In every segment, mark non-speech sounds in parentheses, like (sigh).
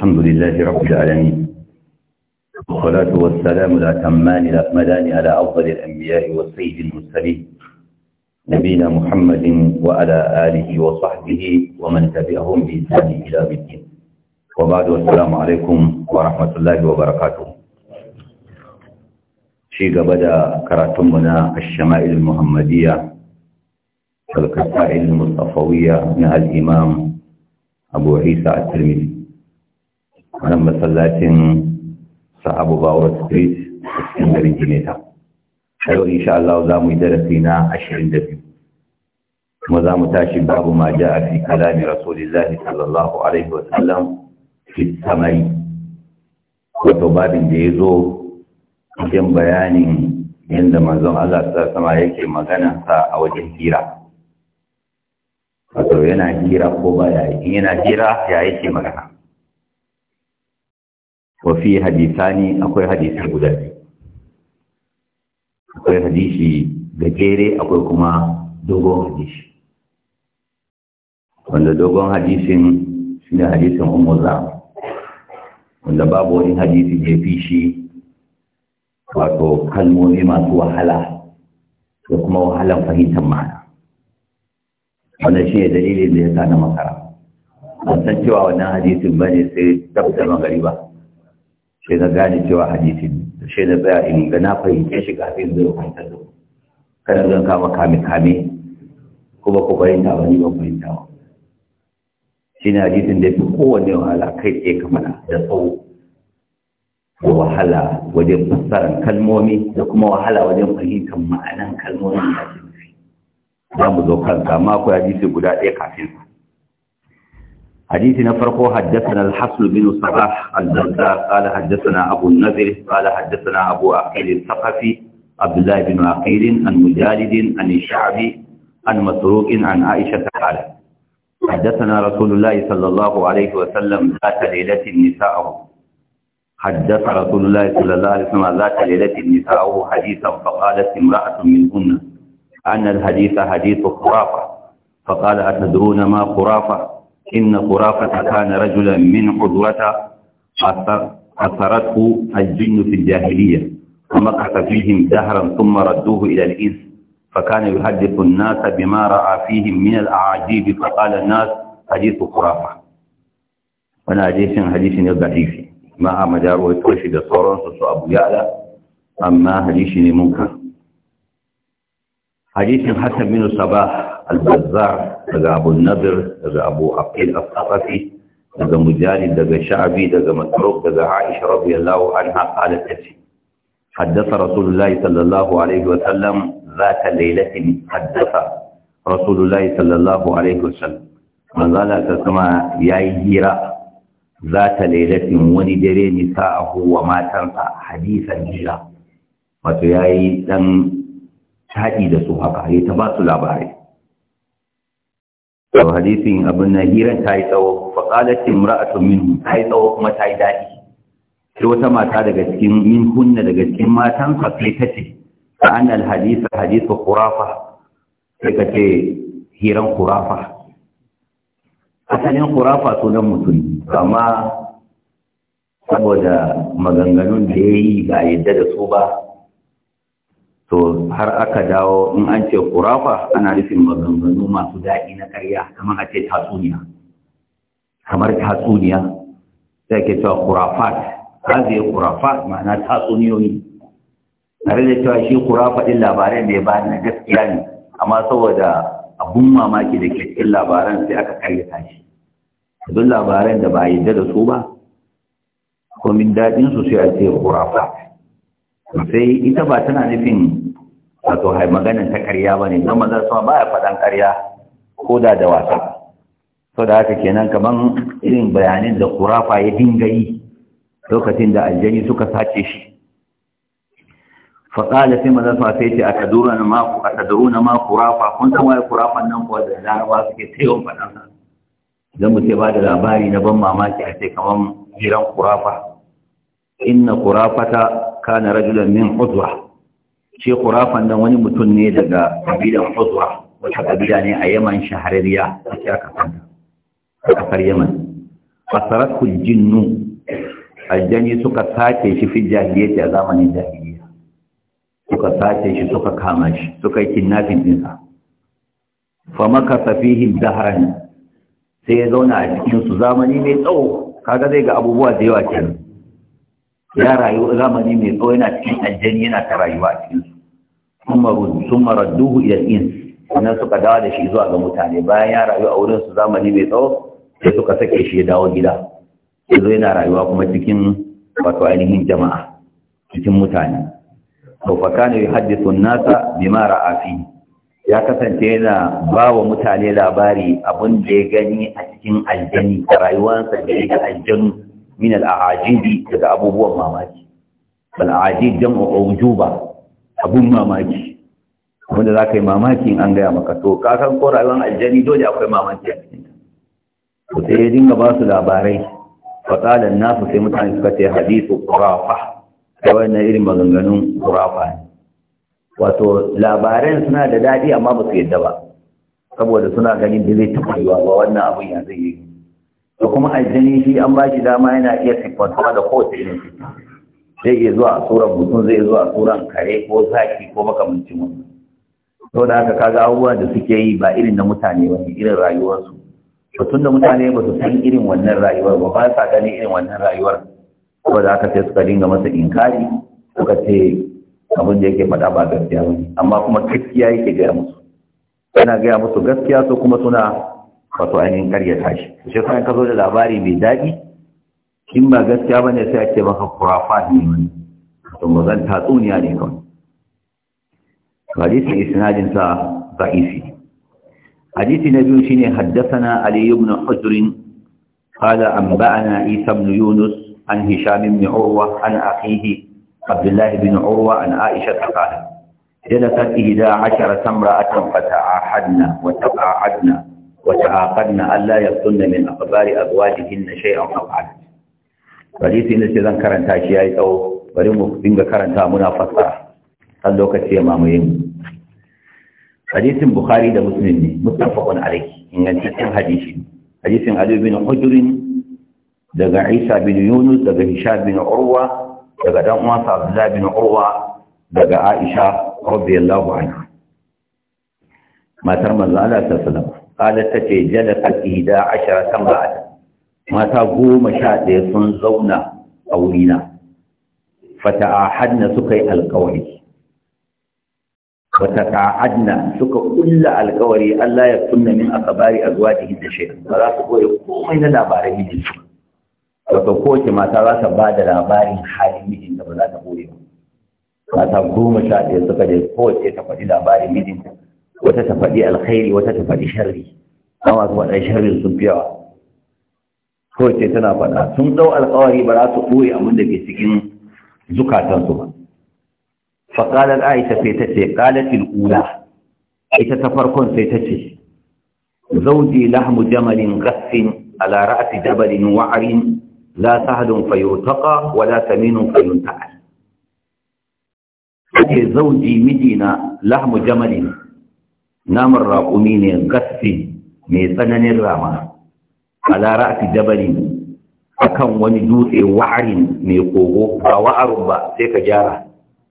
الحمد لله رب العالمين والصلاة والسلام الأتمان الأكملان على أفضل الأنبياء والسيد المرسلين نبينا محمد وعلى آله وصحبه ومن تبعهم بإحسان إلى الدين وبعد والسلام عليكم ورحمة الله وبركاته شيء بدأ كراتمنا الشمائل المحمدية القصائد المصطفوية مع الإمام أبو عيسى الترمذي Wannan masallacin sahabu bawar street a cikin garin jineta yau insha Allah za mu yi darasi na ashirin da biyu kuma za mu tashi babu ma ja a fi kalami rasulillahi sallallahu alaihi wa sallam fi samari wato babin da ya zo cikin bayanin yadda manzon Allah ta sama yake magana sa a wajen hira wato yana hira ko baya yana hira ya yake magana wa fi hadisani akwai hadisi guda biyu akwai hadisi gajere akwai kuma dogon hadisi wanda dogon hadisin shi ne hadisin umar zama wanda babu wani hadisi da fi shi wato kalmomi masu wahala da kuma wahalan fahimtar ma'ana wannan shi ne dalilin da ya sa na makara ban san cewa wannan hadisin ba ne sai tabbatar magariba sai na gane cewa hadisi da shi na tsaya in ga na fahimce shi kafin zai fahimta da kada zan kama kame kame kuma ku fahimta ni ban fahimta ba shi ne hadisin da fi kowanne wahala kai tsaye kamala da tsawo ko wahala wajen fassarar kalmomi da kuma wahala wajen fahimtar ma'anan kalmomin da ake nufi za mu zo kanta amma akwai hadisi guda ɗaya kafin sa حديث نفرق حدثنا الحصل بن صباح البزار قال حدثنا أبو النذر قال حدثنا أبو عقيل الثقفي عبد الله بن عقيل عن مجالد عن الشعبي عن مسروق عن عائشة قال حدثنا رسول الله صلى الله عليه وسلم ذات ليلة نساءه حدث رسول الله صلى الله عليه وسلم ذات ليلة نساءه حديثا فقالت امرأة منهن أن الحديث حديث خرافة فقال أتدرون ما خرافة إن خرافة كان رجلا من قدرة أثرته الجن في الجاهلية ومكث فيهم دهرا ثم ردوه إلى الإنس فكان يحدث الناس بما رأى فيهم من الأعاجيب فقال الناس حديث خرافة وانا حديث حديث ضعيف ما داروا يتوشي دصورون سو أبو يعلى أما حديث منكر حديث حسن من الصباح al-bazzar daga abu nadir daga abu aqil al daga mujahid daga sha'bi daga masruq daga aisha radiyallahu anha qalat tafsi حدث رسول wa صلى الله عليه وسلم ذات ليلة حدث رسول الله صلى الله عليه وسلم من قال كما يهيرا ذات ليلة وندري نساءه وما تنسى hadisan جلا wato ya yi ɗan taɗi da su haka ya ta ba su labarai to hadisin abin na hiran ta yi tsawo fa qalat imra'atun minhum ta yi tsawo kuma ta yi daɗi sai wata mata daga cikin min kunna daga cikin matan fa sai ta ce fa anna al Hadisu khurafa sai ka ce hiran khurafa asalin khurafa sunan mutum amma saboda maganganun da ya yi ga yadda da su ba to har aka dawo in an ce kurafa ana nufin maganganu masu daɗi na karya kamar a ce tatsuniya kamar tatsuniya sai ke cewa kurafat hazi kurafat ma'ana tatsuniyoyi tare da cewa shi kurafa ɗin labarai mai ba na gaskiya ne amma saboda abun mamaki da ke cikin labaran sai aka karyata shi duk labaran da ba a yadda da su ba komin daɗinsu sai a ce kurafa sai ita ba tana nufin wato hai maganin ta ƙarya ba ne don mazan ba ya faɗan ƙarya ko da da wasa sau da haka kenan kaman irin bayanin da kurafa ya dinga yi lokacin da aljani suka sace shi faƙala sai mazan sama sai ce a na ma kurafa kun san waye kurafan nan kuwa da larabawa suke faɗan sa don mu sai ba da labari na ban mamaki a ce kamar jiran kurafa inna kurafata kana rajulan min uzwa ce kurafan nan wani mutum ne daga kabilan uzwa wata kabila ne a yaman shahararriya a cikin kasar yaman fasarar jinnu aljani suka sace shi fi jahiliyyati a zamanin jahiliya suka sace shi suka kama shi suka yi kidnapping dinsa fa maka safihim dahran sai ya zauna a cikin su zamani mai tsawo kaga zai ga abubuwa da yawa kenan ya rayu zamani mai tsawo yana cikin aljani yana ta rayuwa a cikin sun maradduhu ila in sannan suka dawo da shi zuwa ga mutane bayan ya rayu a wurin su zamani mai tsawo sai suka sake shi ya dawo gida yanzu yana rayuwa kuma cikin wato ainihin jama'a cikin mutane to fa kana yuhaddithu an-nasa bima ra'a fi ya kasance yana ba wa mutane labari abin da ya gani a cikin aljani da rayuwarsa da ya aljanu min al-a'ajibi daga abubuwan mamaki bal a'ajib jam'u abun mamaki wanda za ka yi mamaki in an gaya maka to kakan ko rayuwar aljani dole akwai mamaki a cikin to sai ya dinga ba su labarai fasadan nasu sai mutane suka ce hadisu kurafa sai wannan irin maganganun kurafa ne wato labaran suna da daɗi amma ba su yadda ba saboda suna ganin da zai taɓa ba wannan abin ya zai yi da kuma aljani shi an ba shi dama yana iya siffantuwa da kowace irin siffa zai iya zuwa a tsoron mutum zai zuwa a tsoron kare ko zaki ko makamancin wannan to da haka kaga abubuwan da suke yi ba irin na mutane ba irin rayuwarsu to tun da mutane ba su san irin wannan rayuwar ba ba sa ganin irin wannan rayuwar ko da haka sai suka dinga masa inkari suka ce abin da yake faɗa ba gaskiya ba ne. amma kuma gaskiya yake gaya musu yana gaya musu gaskiya su kuma suna wato ainihin karyata shi shi sai ka zo da labari mai daɗi kin ba gaskiya ba ne sai ake maka kurafa ne wani don ba zan tatsuniya ne kawai hadisi isnadin sa ba'isi hadisi na biyu shine haddathana ali ibn hujr qala anba'ana isa ibn yunus an hisham ibn urwa an aqihi Abdullahi bin urwa an aisha qala jalasat ihda ashara tamra'atan fata'ahadna wa tab'ahadna وتعاقدنا ألا يكن من أقبار أزواجهن شيئا أو عدد hadisi ne sai zan karanta shi yayi tsawo bari mu dinga karanta muna fassara San lokaci ya mamaye mu hadisin bukhari da muslim ne muttafaqun alayhi ingantaccen hadisi hadisin ali bin hujr daga isa bin yunus daga hisham bin urwa daga dan uwansa abdullah bin urwa daga aisha radiyallahu anha matar manzo Allah sallallahu alaihi wasallam قالت تجلست 11 امرأة mata goma sha ɗaya sun zauna a wurina Fata a fata'ahadna suka yi alkawari wata'ahadna suka kulla alkawari Allah ya kunna min akabari azwajihi da shi ba za su koyi komai na labaran mijin su wato kowace mata za ta ba da labarin halin mijin da ba za ta koyi ba mata goma sha ɗaya suka je kowace ta faɗi labarin mijin wata ta faɗi alkhairi wata ta faɗi sharri amma su faɗa sharri sun fi yawa kawai tana fada sun ɗau alƙawari ba za su ɓoye abin da ke cikin zukatansu ba faƙalar aisha sai ta ce ƙalatin ula ita ta farkon sai ta ce zauji lahmu jamalin gassin ala ra'ati jabalin wa'arin la sahlun fayutaqa wa la saminun fayuntaqa ake zauji mijina lahmu jamalin naman raƙumi ne gassin mai tsananin rama ala ra'ati jabali akan wani dutse wa'arin mai kogo ba wa'arun ba sai ka gyara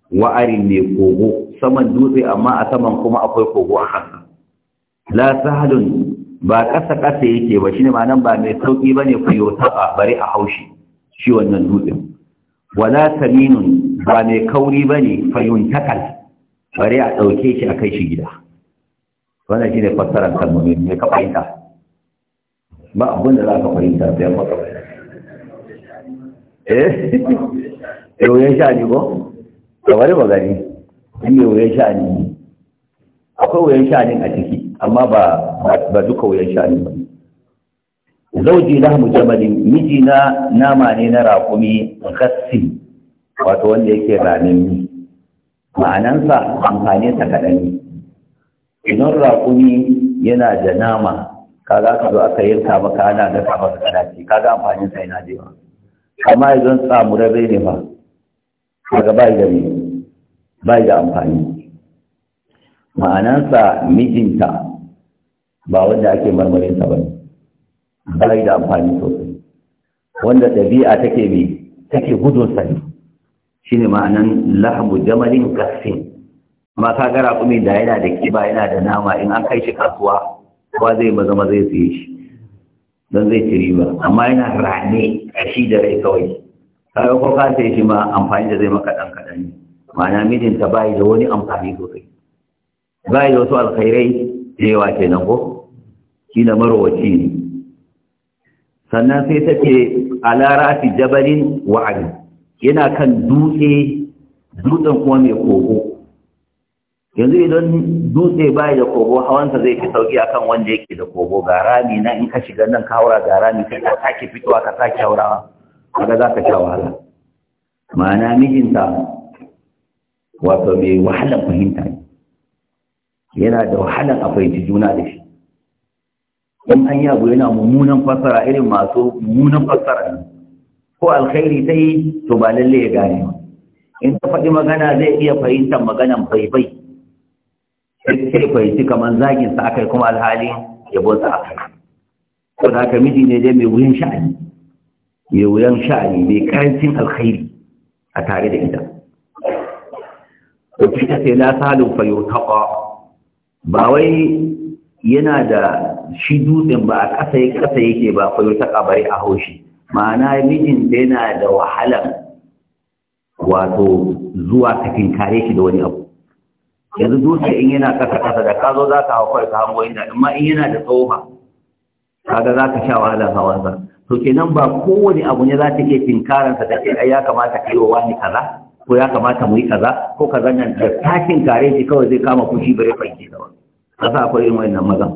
wa'arin mai kogo saman dutse amma a saman kuma akwai kogo a kansa la sahalun ba kasa kasa yake ba shine ma nan ba mai sauki bane ku wata a bari a haushi shi wannan dutse. wala saminun ba mai kauri bane fayuntakal bari a dauke shi a kai shi gida wannan shine fassarar kalmomi ne ka fahimta ba abin da za ka fahimta ta yamma ka bayani eh yoyon sha'ani ko kamar ba gani in ne yoyon sha'ani akwai yoyon sha'anin a ciki amma ba ba duka yoyon sha'ani ba zauji lahmu jamani miji na nama ne na raƙumi gassi wato wanda yake ranar ni ma'anansa amfani ta kaɗan Inon idan raƙumi yana da nama kaga ka zo aka yanka maka ana gasa maka kana ka kaga amfanin sa yana da yawa amma idan bai ne ba kaga bai da ne bai da amfani ma'anansa mijinta ba wanda ake marmarin sa bane bai da amfani sosai wanda ɗabi'a take bi take gudun sa ne shine ma'anan lahmu jamalin gasfin amma ka gara kuma da yana da kiba yana da nama in an kai shi kasuwa ba zai maza maza ya siye shi don zai ci riba amma yana rane a shi da rai kawai kaga ko ka sai shi ma amfani da zai maka dan kaɗan ne ma'ana mijinta bai da wani amfani sosai bai da wasu alkhairai da yawa kenan ko shi na marowaci ne sannan sai ta ce alara fi jabalin wa'ali yana kan dutse dutsen kuma mai kogo yanzu idan dutse bai da kogo hawansa zai fi sauki akan wanda yake da kogo ga rami na in ka shiga nan ka haura ga rami sai ka sake fitowa ka sake haurawa kaga za ka sha wahala ma'ana mijinta wato mai wahalan fahimta ne yana da wahalan a fahimci juna da shi in an yabo yana mummunan fassara irin masu mummunan fassara ne ko alkhairi yi to ba lalle ya gane ba in ta faɗi magana zai iya fahimtar maganan faifai. sai yi kamar zagin sa akai kuma ya yabon sa akai ko da miji ne dai mai wuyan sha'ani mai wuyan sha'ani mai karancin alkhairi a tare da ita ko kita sai la salu fa yutaqa ba wai yana da shi dutsen ba a ƙasa ya ƙasa yake ba fa yutaqa bai a haushi ma'ana mijin yana da wahalar wato zuwa kafin kare shi da wani abu yanzu dutse in yana kasa kasa da kazo za ka hau kawai ka hango inda amma in yana da tsawo kaga za ka sha wahalar hawansa to kenan ba kowane abu ne za ta iya tinkaransa da ke ya kamata ka yi wa wani kaza ko ya kamata mu yi kaza ko kaza nan da takin kare shi kawai zai kama kushi bare fanke da wani kasa akwai irin wannan mazan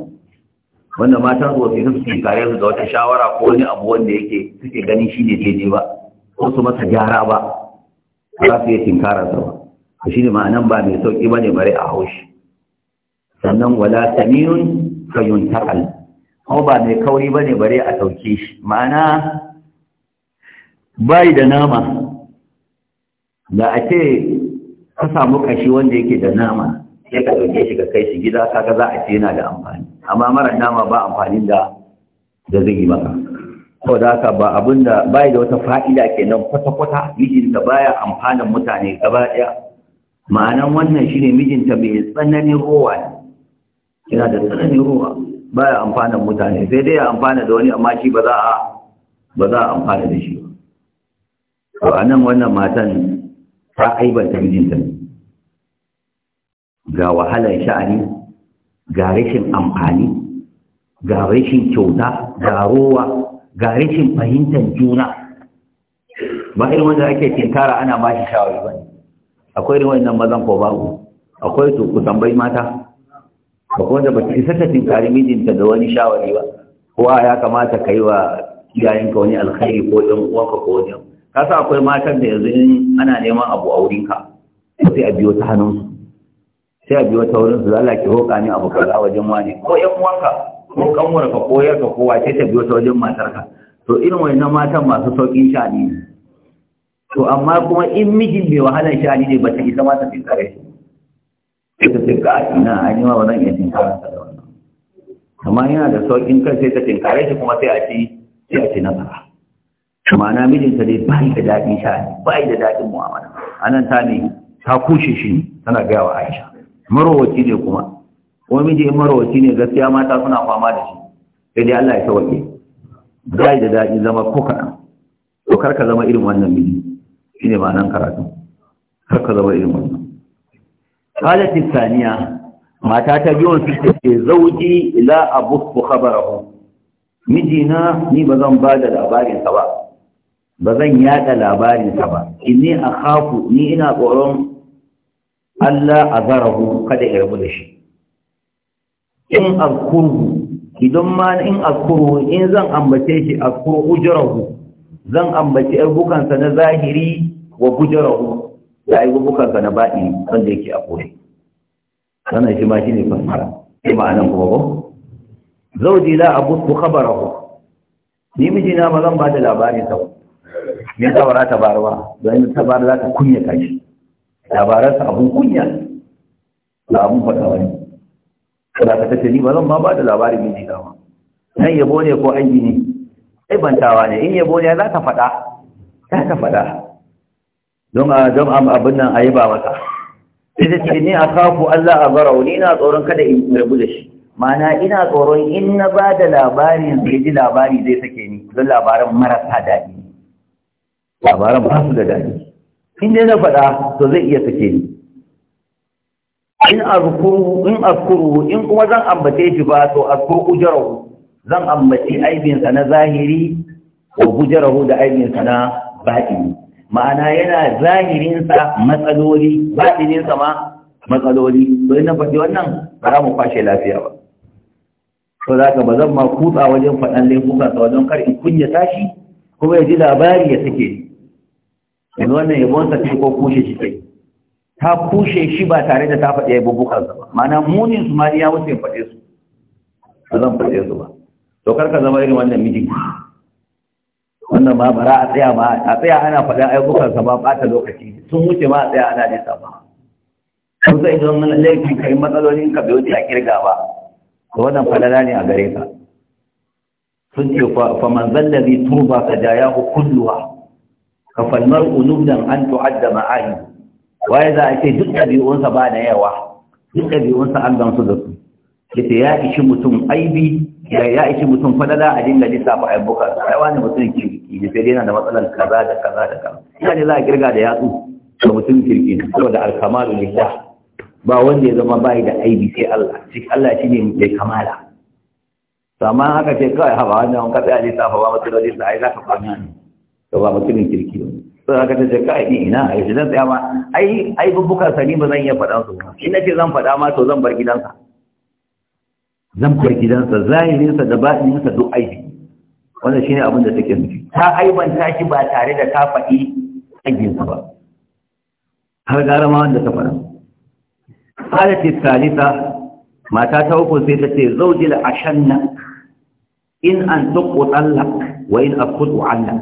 wanda matan tsofaffi su suke kare su da wata shawara ko wani abu wanda yake suke ganin shi ne daidai ba ko su masa gyara ba za su iya tinkaransa ba shi ne ma'anan ba mai sauƙi ba ne bare a haushi sannan wala saminun fayun taƙal kuma ba mai kauri ba ne bare a sauke shi ma'ana bayi da nama da a ce ka samu kashi wanda yake da nama sai ka ɗauke shi ka kai shi gida kaga za a ce yana da amfani amma mara nama ba amfani da da zai maka ko da haka ba abin da bayi da wata fa'ida kenan kwata-kwata mijinta baya amfanin mutane gaba ɗaya ma'anan wannan shi ne mijinta mai tsananin rowa ne yana da tsananin rowa ba ya amfana mutane sai dai ya amfana da wani amma shi ba za a ba za a amfana da shi to a nan wannan matan ta aibanta mijinta ne ga wahalar sha'ani ga rashin amfani ga rashin kyauta ga rowa ga rashin fahimtar juna ba irin wanda ake tinkara ana ba shi shawari ba akwai irin wannan mazan ko babu akwai to ku tambayi mata akwai wanda ba ta isa ta tinkari mijinta da wani shawari ba kowa ya kamata ka yi wa iyayenka wani alkhairi ko ɗan uwanka ko wani ka sa akwai matan da yanzu in ana neman abu a wurinka sai a biyo ta hannunsu sai a biyo ta wurinsu za Allah ki roƙa ni abu kaza wajen wani ko ƴan uwanka ko kanwarka ko yarka ko wace ta biyo ta wajen matarka to irin wannan matan masu sauƙin sha'ani ne to amma kuma in mijin mai wahalar shani ne ba ta isa ma ta fi tsare shi ta cika ka ina an yi ma ba zan iya tinkarar da wannan amma yana da sauƙin kan sai ta kare shi kuma sai a ci sai a ci nasara mijin mijinta dai ba da daɗin shani ba da daɗin mu'amala anan ta ne ta kushe shi tana gaya wa aisha marowaci ne kuma ko miji in marowaci ne gaskiya mata suna fama da shi sai dai Allah ya sauke ba da daɗin zama ko kaɗan to kar ka zama irin wannan miji shi ne ma'anan karatu har ka zama irin wannan halatti saniya mata ta biyun su ce zauji ila abu ku khabarahu mijina ni ba zan ba da labarinsa ba ba zan yada labarinsa ba inni akhafu ni ina tsoron Allah azarahu kada ya rabu da shi in azkurhu idan ma in azkurhu in zan ambace shi azkur ujrahu zan ambace ayyukansa na zahiri wa gujarahu da ayyukan ka na baɗi wanda yake a kore kana shi ma shine fasara sai anan kuma ko zauji la abusu khabarahu ni mijina ba zan ba da labarin sa me yasa ba ta barwa don ta bar za ta kunya shi labaran sa abun kunya la abun faɗa wani kada ka tace ni ba zan ba ba da labarin mijina ba nan yabo ne ko an gini ai bantawa ne in yabo ne za ta faɗa za ta faɗa don a abin nan a yi ba wata sai ce ni a kafu Allah a barau ni ina tsoron kada in rabu da shi mana ina tsoron in na ba da labari zai ji labari zai sake ni don labaran marasa daɗi labaran ba su da daɗi in dai na faɗa to zai iya sake ni in azkuru in azkuru in kuma zan ambace shi ba to azkuru ujarahu zan ambaci aibinsa na zahiri ko bujarahu da aibinsa na batini ma'ana yana zahirinsa matsaloli batininsa ma matsaloli to ina faɗi wannan ba za mu kwashe lafiya ba to za ka ba zan ma kutsa wajen faɗan laifuka sa wajen kar in kunya tashi kuma ya ji labari ya sake yanzu wannan yabonsa ce ko kushe shi kai ta kushe shi ba tare da ta faɗi yabubukansa ba ma'ana munin su ma ya wuce faɗe su ba zan faɗe su ba to kar ka zama irin wannan mijin wannan ma bara a tsaya ba a tsaya ana faɗin ayyukansa ba ɓata lokaci sun wuce ma a tsaya ana nisa ba sun sai don laifin kai matsalolin ka bai wuce a kirga ba Ko wannan falala ne a gare ka sun ce fa man bi tuba ka jaya ku kulluwa ka falmar unubdan an tu'adda ma'ani waye za a ce duk ɗabi'unsa ba da yawa duk ɗabi'unsa an gamsu da su ita ya ishi mutum aibi ya ya ishi mutum fadada a dinga lissafa ayyukan buka ai wani mutum kirki ne sai dai yana da matsalar kaza da kaza da kaza ina ne za a kirga da yatsu ga mutum kirki ne saboda alkamalu lillah ba wanda ya zama bai da aibi sai Allah shi Allah ne mai kamala to amma haka ce kawai haba wannan ka tsaya lissafa ba matsalolin sa ai za ka fahimta ne to ba mutumin kirki ne sai ta ce kai ni ina ai zan tsaya ma ai ai bubbukan sani ba zan iya faɗa su Ina ce zan faɗa ma to zan bar gidansa zamfar gidansa zahirinsa da baɗinsa duk aiki wannan shine abin da take nufi ta aibanta shi ba tare da ta faɗi aikinsa ba har gara ma wanda ta faɗa halatti salisa mata ta uku sai ta ce zaujil ashanna in an tuqu tallak wa in aqutu allak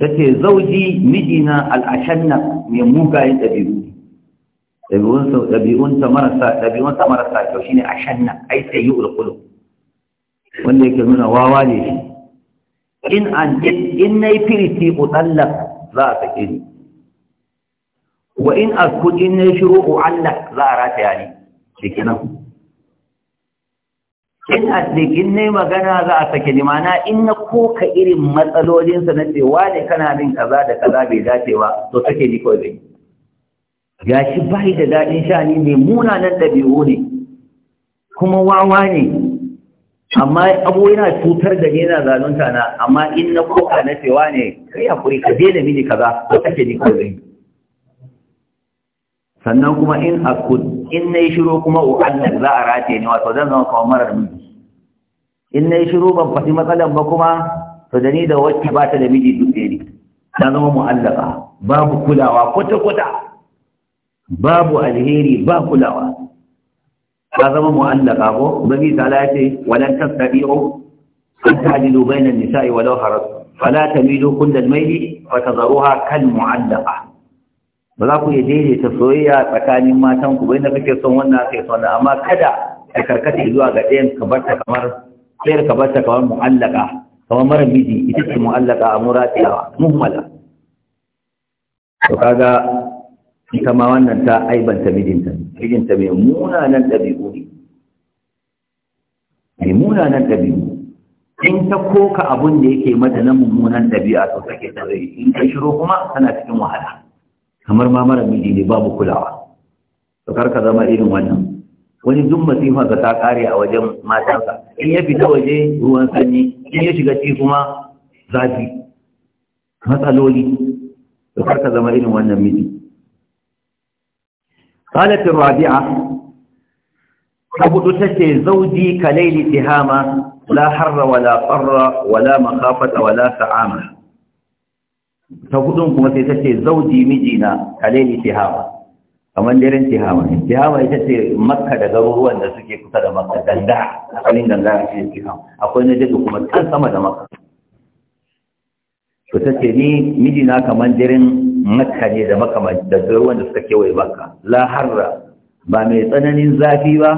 ta ce zauji mijina al ashanna mai mugayen ɗabi'u ɗabi'unsa marasa kyau shi ne a shanna ai yi ulkulu wanda yake nuna wawa ne shi in an in na yi firiti utsallak za a sake ni wa in askud in na yi shiru u'allak za a rataya ni shi nan in na yi magana za a sake mana in na koka irin matsalolinsa na cewa ne kana min kaza da kaza bai dace ba to sake ni kawai zai ga shi bai da daɗin sha'ani mai munanan ɗabi'u ne kuma wawa ne amma abu yana cutar da ni yana zalunta na amma in na koka na cewa ne kai hakuri ka daina mini kaza ko kake ni kawai sannan kuma in akud in nayi shiru kuma u'annan oh, za a rataye ni wato zan zama kamar marar miji in nayi shiru ban fasi matsalan ba kuma to da ni da wacce ba ta da miji duk ne na zama mu'allaka babu kulawa kwata-kwata babu alheri ba kulawa ka zama mu'allaka ko ubangi ta ya ce walan tastadi'u an ta'dilu bayna an-nisa'i law harat fala tamilu kull al mayli wa tadharuha kal mu'allaqa ba za ku iya daidaita soyayya tsakanin matan ku bai na kake son wannan kai son amma kada ka karkata zuwa ga ɗayan ka barta kamar ɗayar ka barta kamar mu'allaka kamar mara miji ita ce mu'allaka a muratiyawa muhmala to kaga ita ma wannan ta aibanta mijinta mijinta mai munanan ɗabi'u ne mai munanan ɗabi'u in ta koka abun da yake mata na mummunan ɗabi'a to take da rai in ta shiro kuma tana cikin wahala kamar ma mara miji ne babu kulawa to kar ka zama irin wannan wani duk masifa ga ta kare a wajen matansa in ya fita waje ruwan sanyi in ya shiga ci kuma zafi matsaloli to kar ka zama irin wannan miji قالت Rabi'a, أبو تتشي زوجي كليل تهامة لا حر ولا قر ولا مخافة ولا سعامة تقولون كما تتشي زوجي مجينا كليل تهامة kamar daren tihama tihama ita ce makka da garuruwan da suke kusa da makka danda a kalin danda a cikin tihama akwai na jadu kuma can sama da makka to ta ce ni mijina kamar makka ne da makamanci da duk wanda suka kewaye baka. la harra ba mai tsananin zafi ba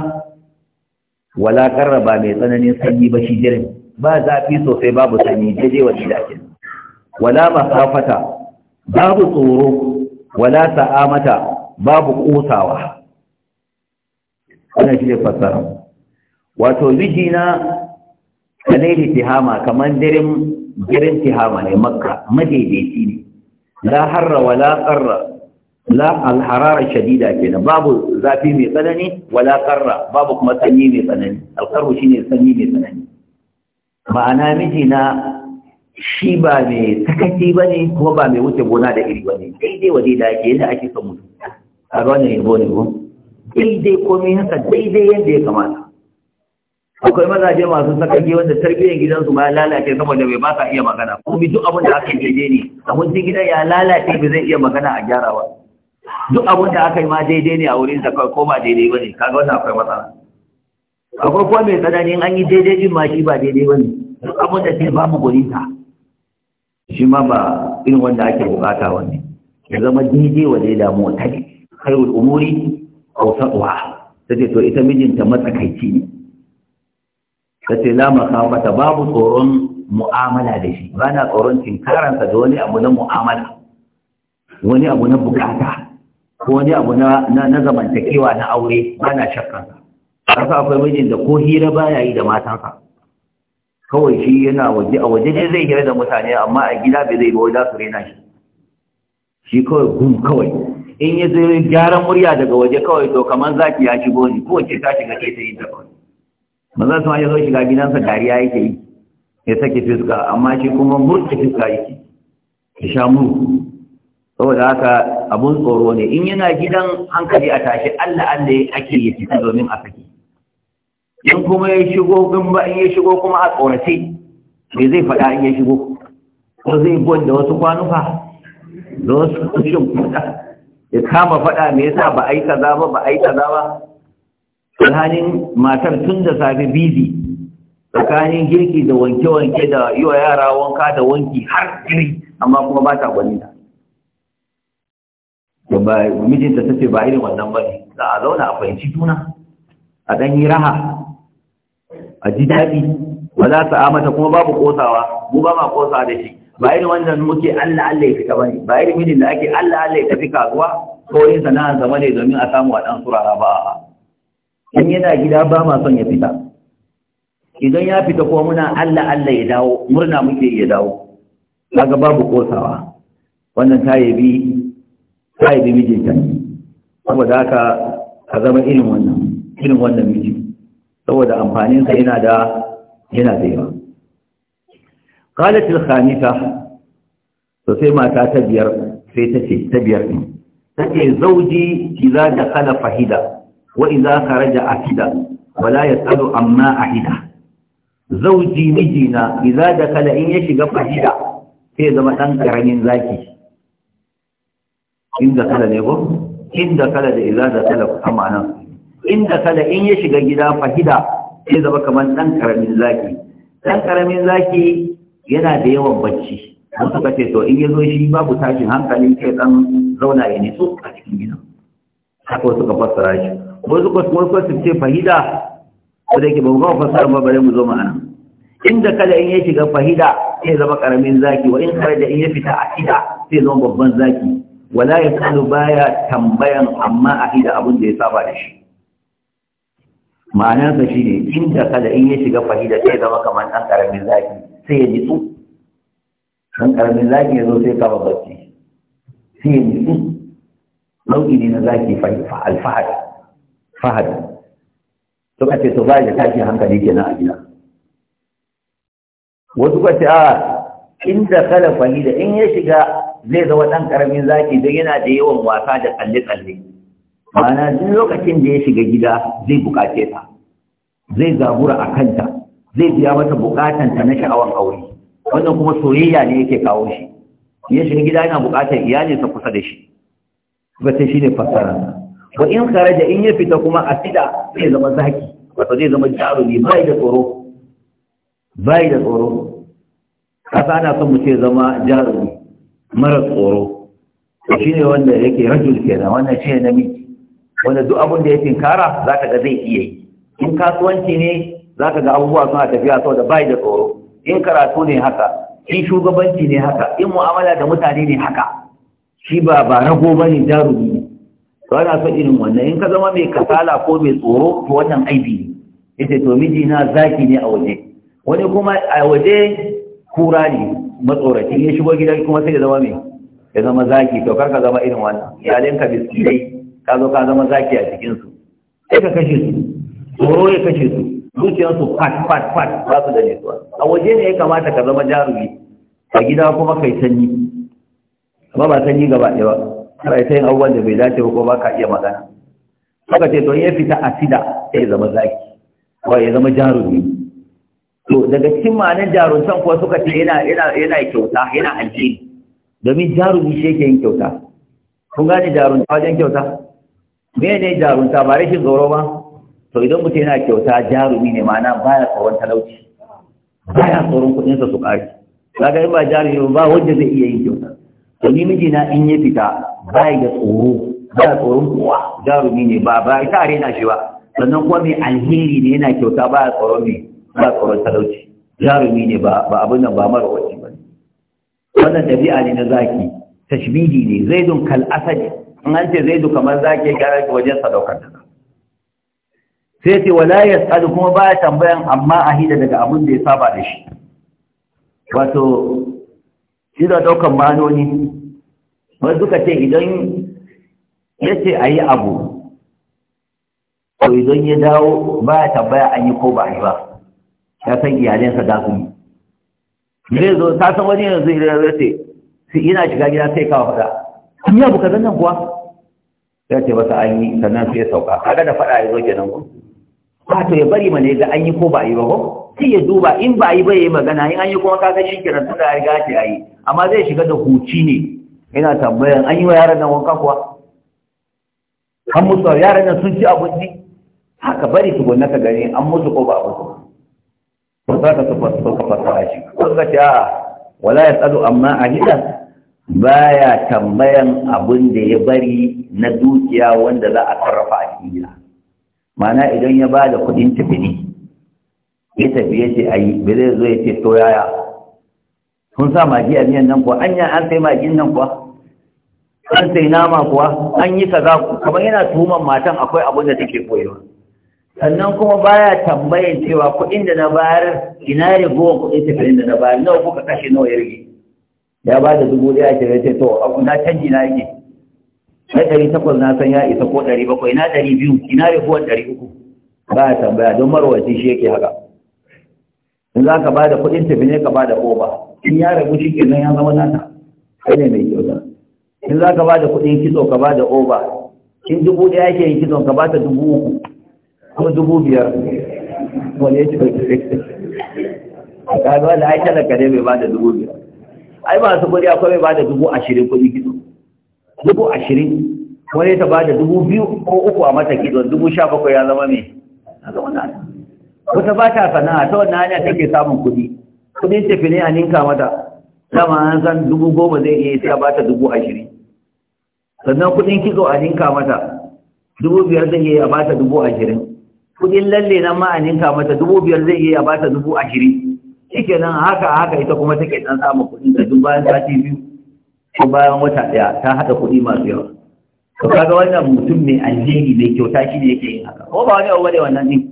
wala karra ba mai tsananin sanyi ba shi jirin ba zafi sosai babu sanyi daidai wa dakin wala masafata babu tsoro wala sa'amata babu kosawa wannan shi ne fassara wato mijina kalaili tihama kamar daren jirin tihama ne makka madaidaici ne la harra la qarra la al-harara shadida kenan babu zafi mai tsanani wala qarra babu kuma sanyi mai tsanani al-qarru shine sanyi mai tsanani ma'ana na shi ba mai ba bane kuma ba mai wuce gona da iri bane daidai waje da ake yadda ake son mutum a ranar yabo ne ko daidai komai haka daidai yadda ya kamata akwai mazaje masu sakage wanda tarbiyyar gidansu ma lalace saboda bai ba ka iya magana bi duk abin da aka yi daidai ne abincin gidan ya lalace bai zai iya magana a gyara ba. duk abin da aka yi ma daidai ne a wurin sa ko ba daidai ba ne kaga wannan akwai matsala akwai kuma mai tsanani an yi daidai din ma shi ba daidai ba ne duk abin da sai babu mu shi ma ba irin wanda ake bukata wani ya zama daidai wa daida mu tare khairul umuri aw ta sai to ita mijinta matsakaici ne ta ce la makafata babu tsoron mu'amala da shi ba na tsoron tinkaransa da wani abu na mu'amala wani abu na bukata ko wani abu na zamantakewa na aure ba na shakkansa kasa akwai mijin da ko hira ba ya yi da matansa kawai shi yana waje a waje zai hira da mutane amma a gida bai zai bai za su rena shi shi kawai gum kawai in ya zai gyaran murya daga waje kawai to kamar zaki ya shigo ne kowace ta shiga ce ta yi ta kawai manzan su ya zo shiga gidansa dariya yake yi ya sake fiska amma shi kuma murka fiska yake ya sha mu saboda haka abun tsoro ne in yana gidan hankali a tashi allah allah ake yi fiska domin a sake. in kuma ya shigo gumba in ya shigo kuma a tsorace me zai faɗa in ya shigo ko zai bon da wasu kwanuka da wasu shimfiɗa ya kama faɗa me yasa ba a yi kaza ba ba a yi kaza ba tsakanin matar tun da safe bizi tsakanin girki da wanke-wanke da yi wa yara wanka da wanki har iri amma kuma ba ta da. gwaninta mijinta ta ce ba irin wannan ba ne za a zauna a fahimci juna a ɗan yi raha a ji daɗi ba za ta amata kuma babu ƙosawa mu ba ma ƙosa da shi ba irin wannan muke Allah Allah ya fita ba ne ba irin mijin da ake Allah Allah ya tafi kasuwa ko yin sana'a zama ne domin a samu a ɗan surara ba in yana gida ba ma son ya fita idan ya fita ko muna Allah Allah ya dawo murna muke ya dawo kaga babu kosawa wannan ta yabi ta mijinta saboda haka ka zama irin wannan irin wannan miji saboda amfaninsa yana da yana da yawa قالت الخامسة ta ما ta في تسي تبير تسي زوجي da دخل فهدا wa idza kharaja afida ya yasalu amma ahida zauji mijina idza dakala in ya shiga fahida sai zama dan karamin zaki inda kala ne ko inda kala da idza dakala kuma nan inda kala in ya shiga gida fahida sai zama kamar dan karamin zaki zaki yana da yawan bacci wasu ka ce to in yazo shi babu tashin hankalin sai dan zauna ya nitsu a cikin gidan haka wasu fassara shi wasu kwasmar su ce fahida ko da ke ba ga fasarar ba bare mu zo ma'ana inda kada in ya shiga fahida sai zama karamin zaki wa in da in ya fita ahida sai zama babban zaki wala ya sanu baya tambayan amma ahida abin da ya saba da shi ma'anar sa ne inda kada in ya shiga fahida sai zama kamar dan karamin zaki sai ya nitsu dan karamin zaki ya zo sai ka babbaci sai ya nitsu nau'i ne na zaki fa alfahari fahad suka ce to ba da tashin hankali kenan a gida wasu ka ce a inda kala da in ya shiga zai zama ɗan ƙaramin zaki don yana da yawan wasa da tsalle-tsalle mana duk lokacin da ya shiga gida zai buƙace ta zai zagura a kanta zai biya mata buƙatanta na sha'awan aure wannan kuma soyayya ne yake kawo shi ya shiga gida yana buƙatar iyalinsa kusa da shi ba sai shi ne fassara wa in kharaja in ya fita kuma asida zai zama zaki wato zai zama jarumi bai da tsoro bai da tsoro kasa ana son mu ce zama jarumi mara tsoro shi ne wanda yake rajul kenan wannan shi ne namiji wanda duk abin da yake kara zaka ga zai iya yi in kasuwanci ne zaka ga abubuwa suna tafiya saboda bai da tsoro in karatu ne haka in shugabanci ne haka in mu'amala da mutane ne haka shi ba ba rago bane jarumi to ana so irin wannan in ka zama mai kasala ko mai tsoro to wannan aibi ne yace to miji na zaki ne a waje wani kuma a waje kura ne matsoraci ya shigo gida kuma sai ya zama mai ya zama zaki to kar ka zama irin wannan ka biskidai ka zo ka zama zaki a cikin su sai ka kashe su tsoro ya kashe su zuciyarsu fat fat fat ba su da nesuwa a waje ne ya kamata ka zama jarumi a gida kuma kai sanyi amma ba sanyi gaba ɗaya ba kai ta yin abubuwan da bai dace ba ko ba ka iya magana suka ce to ya fita a sida ya zama zaki ko ya zama jarumi to daga cikin ma'anar jaruntan kuwa suka ce yana yana yana kyauta yana alheri domin jarumi shi yake yin kyauta kun gane jarunta wajen kyauta me ne jarunta ba rashin tsoro ba to idan mutum yana kyauta jarumi ne ma'ana baya tsoron talauci baya tsoron kuɗinsa su ƙari kaga in ba jarumi ba wanda zai iya yin kyauta to ni miji na in ya fita bai da tsoro ba tsoron kowa jarumi ne ba ba ita are shi ba sannan kuma mai alheri ne yana kyauta ba tsoron ne ba tsoron talauci jarumi ne ba abin nan ba mara wace ba wannan dabi'a ne na zaki tashbihi ne zai don kal asadi in an ce don kamar zaki gara wajen sadaukar da sai ce wala yasalu kuma ba ya tambayan amma a hida daga abin da ya saba da shi wato shi da daukan manoni wani duka ce idan ya ce a yi abu to idan ya dawo ba ya tambaya an yi ko ba a yi ba ya san iyalinsa za su ne zai zo ta san wani yanzu idan ya ce yana shiga gida sai kawo faɗa an yi abu kazan nan kuwa ya ce masa an yi sannan sai ya sauka kaga da fada ya zo kenan ku. ba to ya bari mana ya ga an yi ko ba a yi ba ko sai ya duba in ba a yi ba ya yi magana in an yi kuma kaga shi kiran tun da ya gace a yi amma zai shiga da huci ne ina tambayan an yi wa yaran nan wanka kuwa an musu yaran nan sun ci abinci haka bari su gwanna ka gani an musu ko ba a musu ba za ka suka a shi ko suka ce a wala ya tsaro amma a Ba ya tambayan abin da ya bari na dukiya wanda za a sarrafa a cikin Ma'ana idan ya ba da kuɗin tafini ya tafi ya ce a yi ba zai zo ya ce to yaya sun sa magi a miyan nan kuwa an yi an sai magin nan kuwa an sai nama kuwa an yi kaza kamar yana tuhuman matan akwai abin da take koyewa sannan kuma baya tambayin cewa kuɗin da na bayar ina rigowar kuɗin tafiyin da na bayar nawa kuka kashe nawa ya rage ya ba da dubu ɗaya ke rage to abu na canji na yake na ɗari takwas na san ya isa ko ɗari bakwai na ɗari biyu ina rigowar ɗari uku baya tambaya don marwaci shi yake haka in za ka ba da kuɗin tafi ne ka ba da ba? in ya rabu shi kenan ya zama nata kai ne mai kyauta in za ka ba da kuɗin kitso ka ba da oba in dubu ɗaya ke yin kitson ka ba ta dubu uku ko dubu biyar wani ya ce ka ga wani ai da ne mai ba da dubu biyar ai ba su kuɗi akwai mai ba da dubu ashirin kuɗi kitso dubu ashirin wani ta ba da dubu biyu ko uku a mata kitso dubu sha bakwai ya zama mai na zama na wata ba ta sana'a ta wani hanya take samun kuɗi kuɗin tafi ne a ninka mata dama an san dubu goma zai iya sai a ba ta dubu ashirin sannan kudin kitso a ninka mata dubu biyar zai iya bata dubu ashirin Kudin lalle nan ma a ninka mata dubu biyar zai iya bata dubu ashirin nan haka haka ita kuma take dan samu kuɗin da duk bayan sati biyu ko bayan wata ɗaya ta haɗa kuɗi masu yawa to kaga wannan mutum mai alheri mai kyauta shi ne yake yin haka ko ba wani abu bane wannan din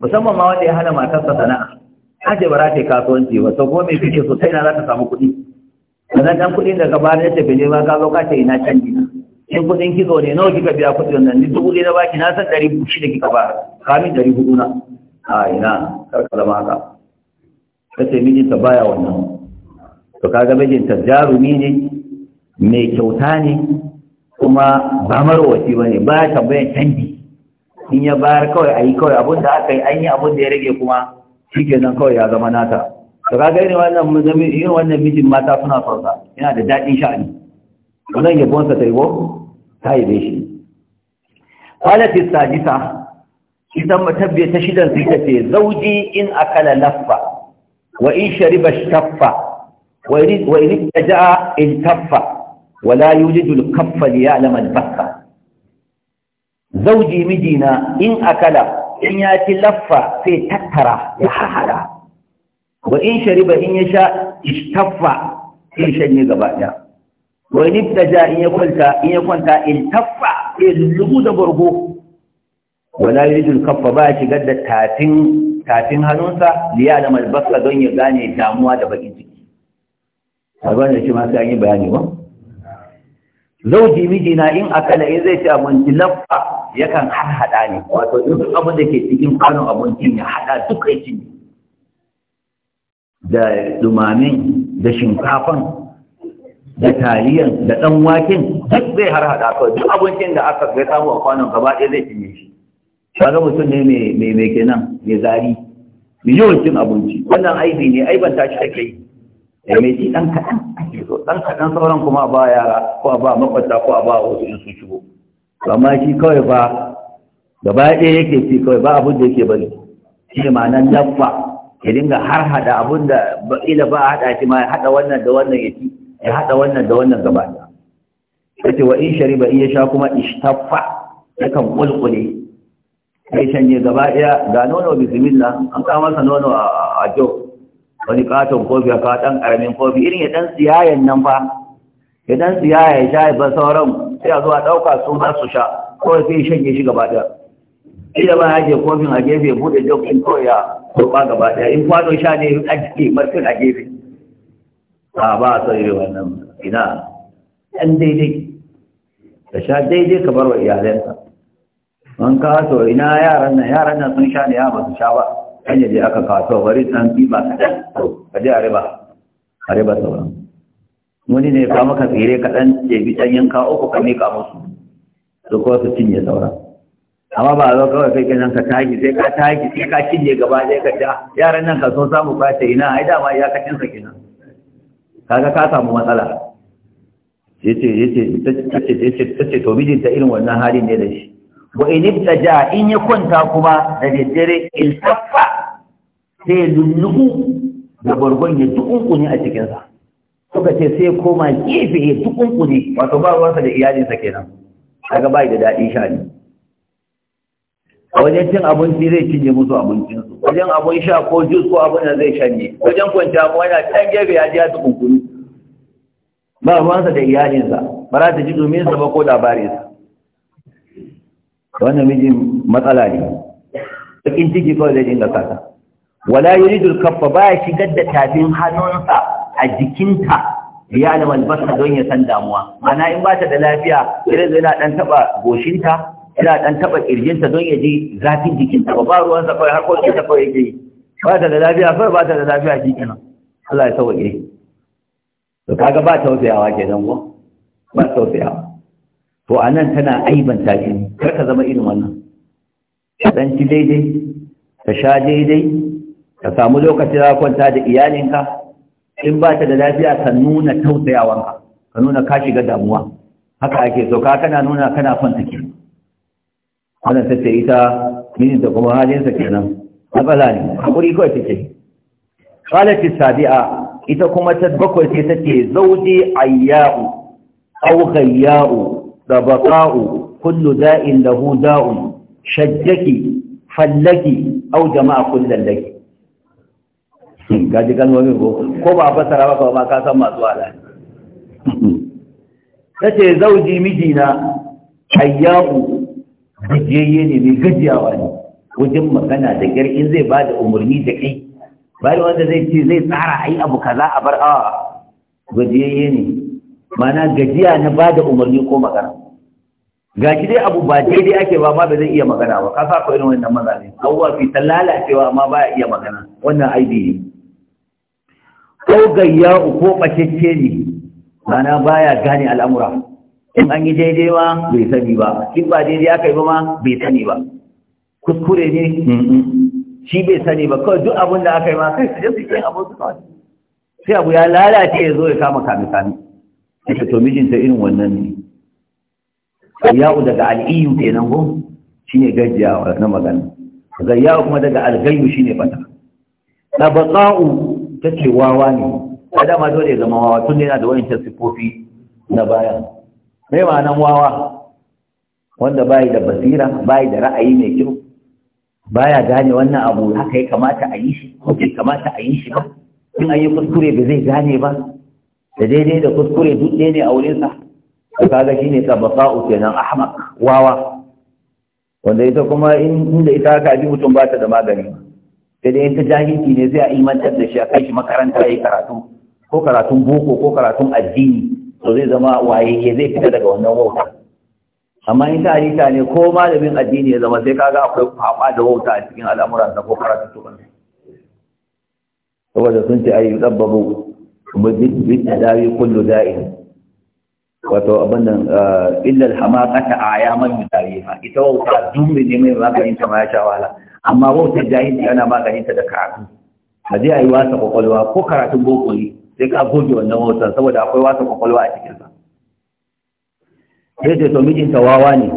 musamman ma wanda ya hana matarsa sana'a aje ba za ta yi kasuwanci ba sau kuma mai fice sosai na za ta samu kuɗi sannan ɗan kuɗin da gaba na tafi ne ma ka zo ka ce ina canji na in kudin kitso ne nawa kika biya kuɗi wannan? ni dubu na baki na san ɗari shida kika ba kamin ɗari hudu na a ina ka zama haka Ka ce mijinta baya wannan to kaga mijinta jarumi ne mai kyauta ne kuma ba marwaci ba ne ba ya tambayan canji in ya bayar kawai a yi kawai abin da aka yi an yi abin da ya rage kuma shi kenan kawai ya zama nata to kaga irin wannan wannan mijin mata suna sauka, yana da daɗin sha'ani wannan yabonsa ta yi ko ta haife shi kwalati sadisa idan matabbe ta shidan sai ta ce zauji in akala laffa wa in shariba shaffa wa in taja'a in taffa wa la yujidu al-kaffa li ya'lama al zauji mijina in akala in ya ci laffa sai tattara ya hahara wa in shariba in ya sha istaffa sai shanye gaba ɗaya wani ibtaja in ya kwanta in ya kwanta in taffa ya lullubu da bargo wala yuridu kaffa ba shigar da tafin tafin hannunsa liya da malbaka don ya gane damuwa da bakin ciki sabon da shi ma sai an yi bayani ba zauji na in akala in zai ci abinci laffa yakan har hada ne wato duk abin da ke cikin kwanon abincin ya hada duk aikin da dumamin da shinkafan da taliyan da ɗan wakin duk zai har haɗa kawai duk abincin da aka ga samu a kwanon gaba ɗaya zai cinye shi kaga mutum ne mai mai kenan mai zari mai yawan cin abinci wannan aibi ne aiban tashi shi yi da eh, mai ci ɗan kaɗan ake so ɗan kaɗan sauran kuma a ba yara ko a ba makwabta ko a ba wasu in su shigo amma shi kawai ba gaba ɗaya yake ci kawai ba abin da yake bari shi ne nan dabba ya dinga har haɗa abin da ila ba a haɗa shi ma ya haɗa wannan da wannan ya ci ya haɗa wannan da wannan gaba ɗaya yace wa in shariba iya sha kuma ishtaffa yakan kulkule ya shanye gaba ɗaya ga nono bismillah an kawo masa nono a jo wani katon kofi a kawo ɗan ƙaramin kofi irin ya ɗan siyayen nan fa ya ɗan siyayen ya sha ya ba sauran sai a zuwa ɗauka su za su sha kawai sai shanye shi gaba ɗaya ila ba ya je kofin a gefe buɗe jokin kawai ya kurɓa gaba ɗaya in kwano sha ne a jiki martin a gefe ba ba a son wannan ina ɗan daidai ka sha daidai ka bar wa iyalinsa an kaso ina yaran nan yaran nan sun sha ne ya masu sha ba kan yaje aka kaso bari san ba kaɗan to ka je a riba a riba sauran wani ne ka maka tsire kaɗan ce bi ɗan yanka uku ka miƙa musu su kuma su cinye sauran amma ba zo kawai kai kenan ka tashi sai ka tashi sai ka cinye gaba ɗaya ka ja yaran nan ka so samu kwace ina ai dama iyakacinsa kenan kaga ka samu matsala yace yace to mijinta irin wannan halin ne da shi wa in ibtaja in ya kwanta kuma da daddare in taffa sai lullubu da bargon ya tukunkuni a cikinsa? suka ce sai koma gefe ya tukunkuni wato ba ruwansa da iyalinsa kenan kaga bai da daɗi shani wajen cin abinci zai cinye musu abincinsu wajen abin sha ko jus ko abin da zai shanye wajen kwanciya ko yana can gefe ya ji ya su kunkuru ba ruwansa da iyalinsa ba za ta ji domin sa ba ko labarinsa wannan mijin matsala ne bakin ciki kawai zai dinga kasa wala yuridul kaffa baya shigar da tafin hannunsa a jikinta ya alam albasa don ya san damuwa mana in ba ta da lafiya irin zai na dan taba goshinta yana ɗan taɓa kirjinta don ya je zafin jikinta ba ba ruwansa kawai har kawai ta kawai yake yi ba ta da lafiya kawai ba ta da lafiya shi nan. Allah ya sauke to kaga ba ta ke nan ko ba yawa to nan tana ta shi kar ka zama irin wannan ka dan ci daidai ka sha daidai ka samu lokacin da kwanta da iyalinka in ba ta da lafiya ka nuna tausayawanka ka nuna ka shiga damuwa haka ake so ka kana nuna kana kwanta ke. wannan ta ce ita mijinta kuma halinsa kenan matsala ne haƙuri kawai take qalati sabi'a ita kuma ta bakwai ce take zauji ayya'u aw ghayya'u dabaqa'u kullu da'in lahu da'un shajjaki fallaki au jama'a kullal laki gaji hmm, kalmomi ko ko ba fasara ba ba ka san masu ala (laughs) tace zauji mijina ayya'u gajiyayye ne mai gajiyawa ne wajen magana da gyar in zai ba da umarni da kai bayan wanda zai ce zai tsara a yi abu kaza a bar awa gajiyayye ne mana gajiya na ba da umarni ko magana ga shi dai abu ba daidai ake ba ma ba zai iya magana ba ka sa ko irin wannan maza ne abubuwa fi ta lalacewa amma ba ya iya magana wannan aibi ne ko gayya ko ɓacecce ne mana baya gane al'amura in an yi daidai ma bai sani ba in ba daidai aka yi ba ma bai sani ba kuskure ne shi bai sani ba kawai duk abin da aka yi ma sai su je su abu su kawai sai abu ya lalace ya zo ya kama kame kame ita to mijinta irin wannan ne yawo daga al'iyu kenan ko gajiya gajiyawa na magana yawo kuma daga algayu ne fata ta ce wawa ne dama dole ya zama wawa tun yana da wayancin sifofi na baya mai ma'anan wawa wanda bai da basira bai da ra'ayi mai kyau baya gane wannan abu haka ya kamata a yi shi ko bai kamata a yi shi ba in an yi kuskure ba zai gane ba da daidai da kuskure duk ɗaya ne a wurinsa ka kaga shine tabasa'u kenan ahmaq wawa wanda ita kuma inda ita aka bi mutum ba ta da magani sai dai ta jahilci ne zai a imantar da shi a kai shi makaranta ya yi karatu ko karatun boko ko karatun addini to zai zama wayayye zai fita daga wannan wauta amma in ta ta ne ko malamin addini ya zama sai kaga akwai kwaba da wauta a cikin al'amuransa ko karatu tuban saboda sun ce ayi dabbabu kuma bid dawi kullu da'in wato abin nan eh, illal hamaqata ayaman mutariha ita wauta dumbe ne mai maganin ta ma ya sha wala amma wauta jahili ana maganin ta da karatu a je a yi wasa kwakwalwa ko karatun boko ne sai ka goge wannan wautar saboda akwai wasa kwakwalwa a cikinsa sai ce to mijinta wawa ne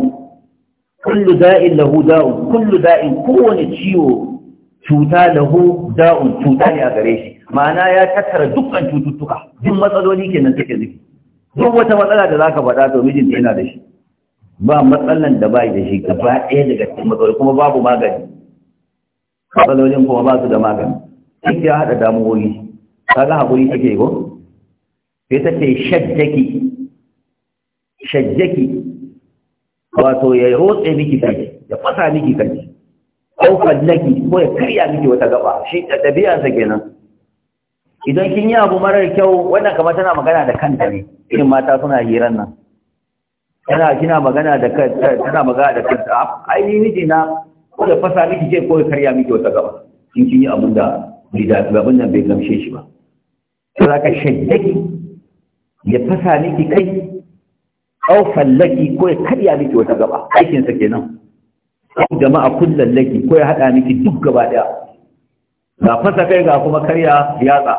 kullu da'in lahu da'un kullu da'in kowane ciwo cuta lahu da'un cuta ne a gare shi ma'ana ya tattara dukkan cututtuka duk matsaloli kenan take ziki duk wata matsala da zaka faɗa to mijinta yana da shi ba matsalan da ba da shi gaba ɗaya daga cikin matsaloli kuma babu magani matsalolin kuma ba su da magani duk ya haɗa damuwoyi kaga haƙuri take ko sai ta ce shajjaki shajjaki wato ya rotse miki kai ya fasa miki kai ko fallaki ko ya karya miki wata gaba shi da ɗabi'arsa kenan idan kin yi abu marar kyau wannan kamar tana magana da kanta ne irin mata suna hiran nan tana kina magana da kanta tana magana da kanta ai ni miji na ko ya fasa miki kai ko ya karya miki wata gaba kin kin yi abin da bai da abin nan bai gamshe shi ba za ka shaddaki ya fasa miki kai au laki ko ya karya miki wata gaba aikinsa kenan au jama'a kullum laki ko ya haɗa miki duk gaba ɗaya ga fasa kai ga kuma karya yatsa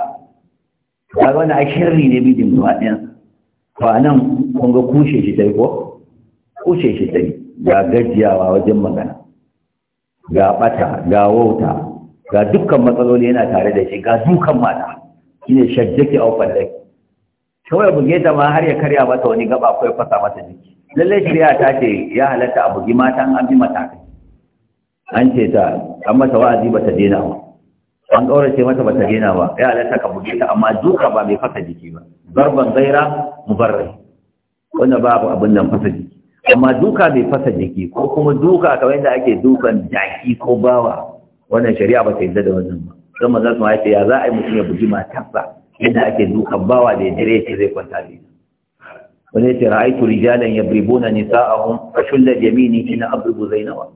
ga wani a shirri ne bidin gaba ɗayan ba nan kun ga kushe shi tai ko kushe shi ta yi ga gajiyawa wajen magana ga ɓata ga wauta ga dukkan matsaloli yana tare da shi ga dukan mata shi ne shaddake a daki? kawai buge ta ma har ya karya mata wani gaba ko ya fasa mata jiki lallai shari'a ta ce ya halatta a bugi matan an bi matakai an ce ta an mata wa'azi ba ta daina ba an ƙaurace mata ba ta daina ba ya halatta ka buge ta amma duka ba mai fasa jiki ba zarban gaira mubarrai wanda babu abin nan fasa jiki amma duka bai fasa jiki ko kuma duka kamar yadda ake dukan jaki ko bawa wannan shari'a ba ta yadda da wannan ba don za su haifi ya za a yi mutum ya buji matarsa yadda ake dukan bawa da ya jire ce zai kwanta da ita wani ya ce ra'aitu rijalan ya bribuna a fa shulla yamini ina abribu zainawa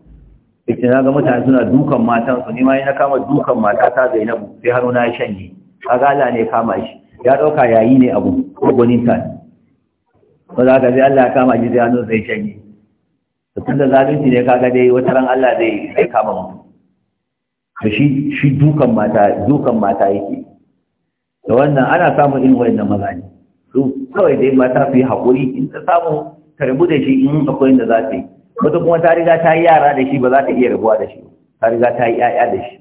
ita na ga mutane suna dukan su. ni ma na kama dukan mata ta zainabu sai hannu na shanye gala ne kama shi ya ɗauka yayi ne abu ko ta ne ba za ka Allah ya kama shi sai hannu sai shanye tun da zalunci ne kaga dai wata ran Allah zai kama mu da shi shi dukan mata dukan mata yake da wannan ana samun irin wayannan maza ne su kawai dai mata su yi haƙuri in ta samu ta rabu da shi in akwai inda za ta yi wata kuma ta riga ta yi yara da shi ba za ta iya rabuwa da shi ta riga ta yi 'ya'ya da shi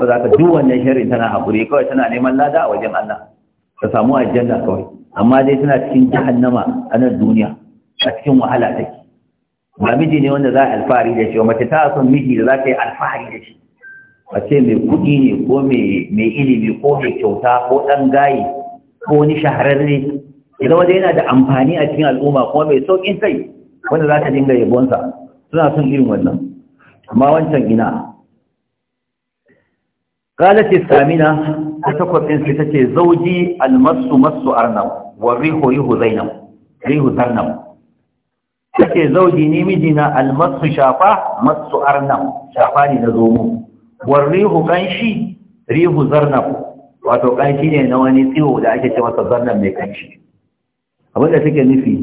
ba za ka duk wannan sharrin tana haƙuri kawai tana neman lada a wajen Allah ta samu aljanna kawai amma dai tana cikin jahannama a nan duniya a cikin wahala take ba miji ne wanda za a alfahari da shi mace ta son miji da za ta yi alfahari da shi a ce mai kuɗi ne ko mai ilimi ko mai kyauta ko ɗan gaye ko wani shahararre idan wajen yana da amfani a cikin al'umma ko mai sauƙin kai wanda za ta dinga yabonsa suna son irin wannan amma wancan ina Samina ta ta ce الثامنة تتكوى إن ستتي زوجي المس مس أرنم zarnau ta ce zauji زرنم mijina almasu shafa masu arnau Shafa ne na zomo. warrihu kanshi rihu zarnab wato kanshi ne na wani tsiwo da ake ce masa zarnab mai kanshi abin da take nufi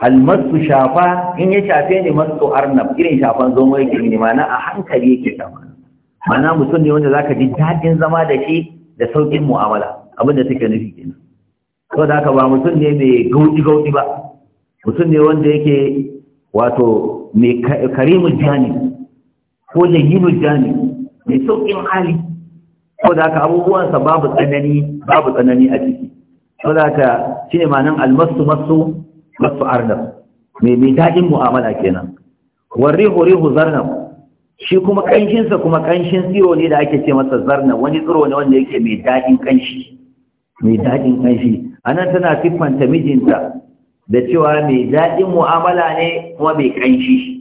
almasu shafa in ya shafe ne masu arnab irin shafan zomo yake ne mana a hankali yake shafa mana mutum ne wanda zaka ji daɗin zama da shi da sauƙin mu'amala abin da take nufi kenan ko da haka ba mutum ne mai gauti gauti ba mutum ne wanda yake wato mai karimul jani ko mu jani mai sauƙin hali ko da haka abubuwansa babu tsanani babu tsanani a ciki ko da haka shi ne manan almasu masu masu arnab mai mai daɗin mu'amala kenan warri horihu zarnab shi kuma ƙanshinsa kuma ƙanshin tsiro ne da ake ce masa zarna wani tsiro ne wanda yake mai daɗin ƙanshi mai daɗin ƙanshi a nan tana siffanta mijinta da cewa mai daɗin mu'amala ne kuma mai ƙanshi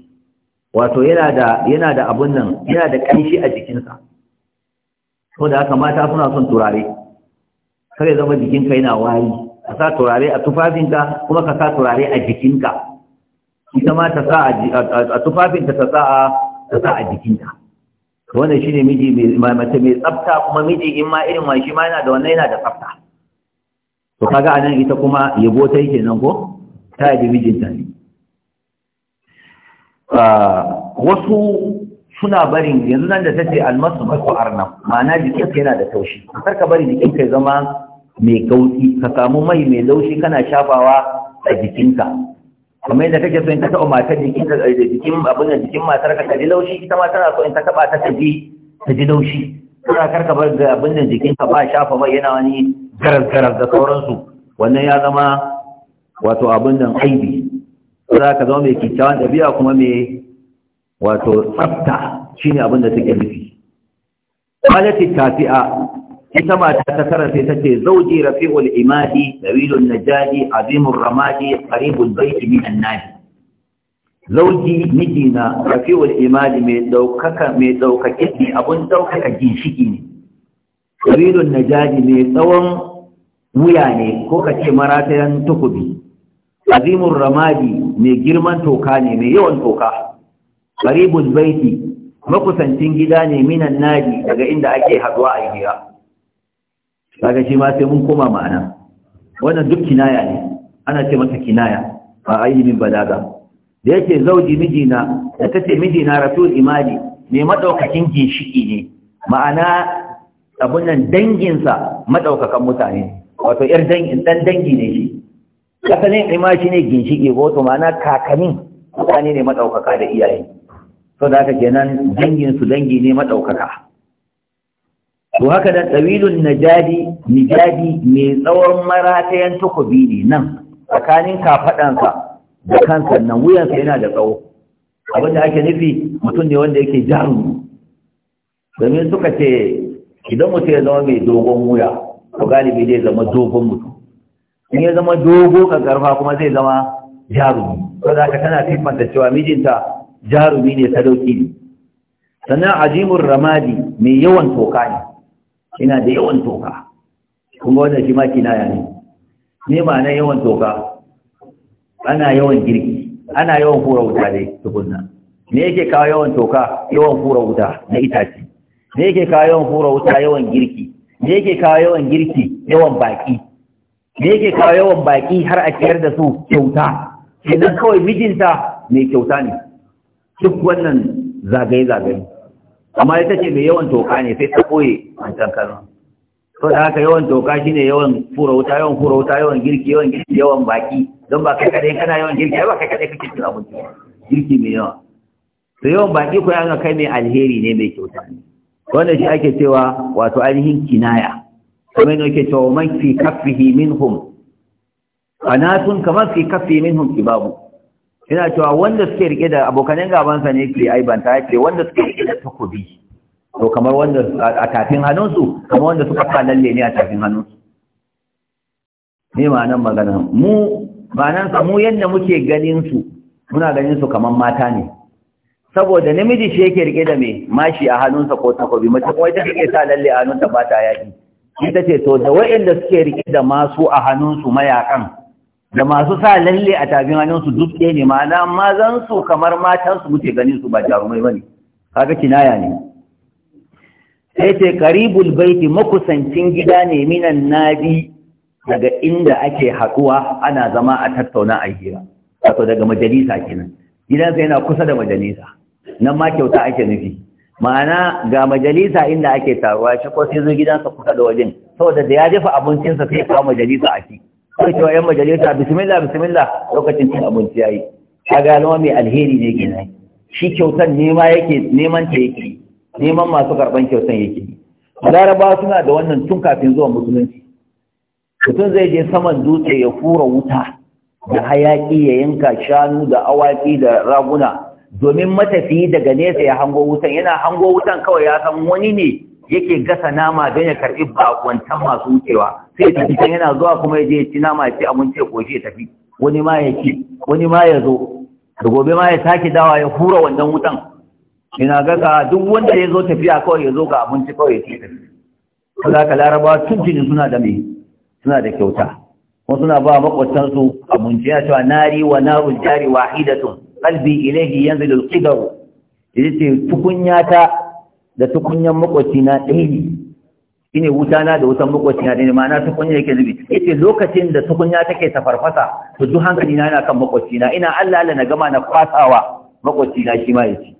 wato yana da yana da abun nan yana da kanshi a jikinsa ko da haka mata suna son turare kare zama jikinka yana wari ka sa turare a tufafinka kuma ka sa turare a jikinka ita ma ta sa a tufafinka ta sa ta sa a jikinka wannan shine miji mai mace mai tsafta kuma miji in ma irin wa shi ma yana da wannan yana da tsafta to kaga anan ita kuma yabo ta yake nan ko ta yi mijinta ne Ah, wasu suna barin yanzu nan da ta ce almasu masu arna ma'ana jikin yana da taushi kar ka bari jikin ka zama mai gautsi ka samu mai mai laushi kana shafawa a jikinka kamar yadda kake so in ka taɓa matar jikin ka eh, jikin abin da jikin matar ka ji laushi ita ma tana so in ka taɓa ta ta ji ta ji laushi kana kar ka bar abin da jikin ka ba shafa mai yana wani garas garas da sauransu wannan ya zama wato abin nan aibi za ka zama mai kyakkyawan ɗabi'a kuma mai wato tsafta shine abin da take nufi malati tafi'a ita mata ta tara sai ta ce zauji rafi'ul imadi dawilun najadi azimur ramadi qaribul baiti min zauji mijina rafi'ul imadi mai daukaka mai daukake ne abun daukaka ginshiki ne dawilun najadi mai tsawon wuya ne ko ka kace maratayan tukubi azimun ramadi mai girman toka ne mai yawan toka Karibun baiti makusancin gida ne minan nadi daga inda ake haduwa a hira daga shi ma sai mun koma ma'ana wannan duk kinaya ne ana ce masa kinaya ba ainihin balaga da yake zauji mijina da tace mijina rasul imani mai madaukakin ginshiki ne ma'ana abun nan danginsa madaukakan mutane wato yar dangin dan dangi ne shi Kasanin ima shi ne ginshiki ko to kakannin mutane ne maɗaukaka da iyaye so da haka kenan dangin su dangi ne maɗaukaka to haka da tawilun najadi nijadi mai tsawon maratayan takobi ne nan tsakanin kafaɗansa da kansa nan wuyansa yana da tsawo abin da ake nufi mutum ne wanda yake jarumi domin suka ce idan mutum ya zama mai dogon wuya to galibi zai zama dogon mutum in ya zama dogo ka karfa kuma zai zama jarumi ko za tana siffanta cewa mijinta jarumi ne sadauki ne sannan ajimun ramadi mai yawan toka ne yana da yawan toka kuma wannan shi ma yare. ne ne na yawan toka ana yawan girki ana yawan hura wuta dai tukunna ne yake kawo yawan toka yawan hura wuta na itace ne yake kawo yawan hura wuta yawan girki ne yake kawo yawan girki yawan baki me yake kawo yawan baki har a ciyar da su kyauta kenan kawai mijinta mai kyauta ne duk wannan zagaye-zagaye amma ita ce mai yawan toka ne sai ta koye wancan kanon so da haka yawan toka shi ne yawan fura wuta yawan fura wuta yawan girki yawan girki yawan baki don ba kai kadai kana yawan girki ba kai kadai kake cin abinci girki mai yawa to yawan baki ko yana kai mai alheri ne mai kyauta ne wannan shi ake cewa wato ainihin kinaya kamar yadda yake cewa man fi kafihi minhum anatun kamar fi kafi minhum kibabu Ina cewa wanda suke rike da abokanen gabansa ne ke aibanta ya ce wanda suke rike da takobi to kamar wanda a tafin hannunsu kamar wanda suka fa lalle ne a tafin hannunsu ne ma'anar magana mu ma'anan sa mu yadda muke ganin su muna ganin su kamar mata ne saboda namiji shi yake rike da me mashi a hannunsa ko takobi mace kuma take sa lalle a hannunta ba ta yaki ita ce to da wa'inda suke rike da masu a hannunsu mayakan da masu sa lalle a tafin hannunsu duk ɗaya ne ma'ana zan so kamar matan muke ganin su ba jarumai ba ne. kaga kinaya ne sai ce karibul baiti makusancin gida ne minan nadi daga inda ake haɗuwa ana zama a tattauna a hira wato daga majalisa kenan gidansa yana kusa da majalisa nan ma kyauta ake nufi ma'ana ga majalisa inda ake taruwa shi ko sai zo gidansa kusa da wajen saboda da ya jefa abincinsa sai kawo majalisa a ci sai cewa yan majalisa bismillah bismillah lokacin cin abinci yayi ka gano mai alheri ne kenan shi kyautan nema yake neman ta yake neman masu karɓan kyautan yake laraba suna da wannan tun kafin zuwa musulunci mutum zai je saman dutse ya fura wuta da hayaki ya yanka shanu da awaki da raguna domin matafiyi daga nesa ya hango wutan yana hango wutan kawai ya san wani ne yake gasa nama don ya karɓi bakwantan masu wucewa sai ya tafi can yana zuwa kuma ya je ya ci nama ya ci abinci ya koshi ya tafi wani ma ya ci wani ma ya zo da gobe ma ya sake dawa ya hura wannan wutan ina ga duk wanda ya zo tafiya kawai ya zo ga abinci kawai ya ci tafi za ka larabawa tun jini suna da me suna da kyauta kuma suna ba makwatansu abinci yana cewa nari wa narun jari wahidatun qalbi ilayhi yanzilu al-qidar yace tukunya ta da tukunyan makwacci na ɗaya ne shine wuta na da wutan makwacci na ma na ma'ana tukunya yake zubi yace lokacin da tukunya take tafarfasa to duk hankali na yana kan makwacci na ina Allah Allah na gama na kwasawa makwacci na shi ma yace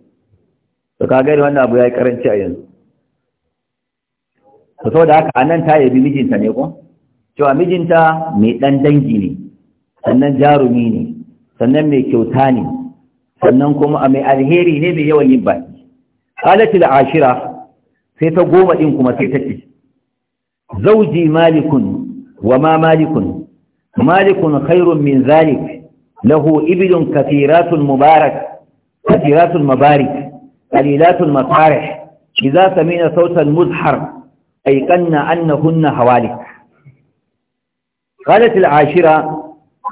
to ka gari wannan abu yayi karanci a yanzu to saboda haka anan ta yabi mijinta ne ko cewa mijinta mai dan dangi ne sannan jarumi ne sannan mai kyauta ne sannan kuma a mai alheri ne mai yawan yin baki qalat ashira sai ta goma din kuma sai ta ce zauji malikun wa ma malikun malikun khairun min zalik lahu ibilun kathiratul mubarak Mabarik, mubarak qalilatul matarih idza samina sautal muzhar aiqanna annahunna hawalik qalat al ashira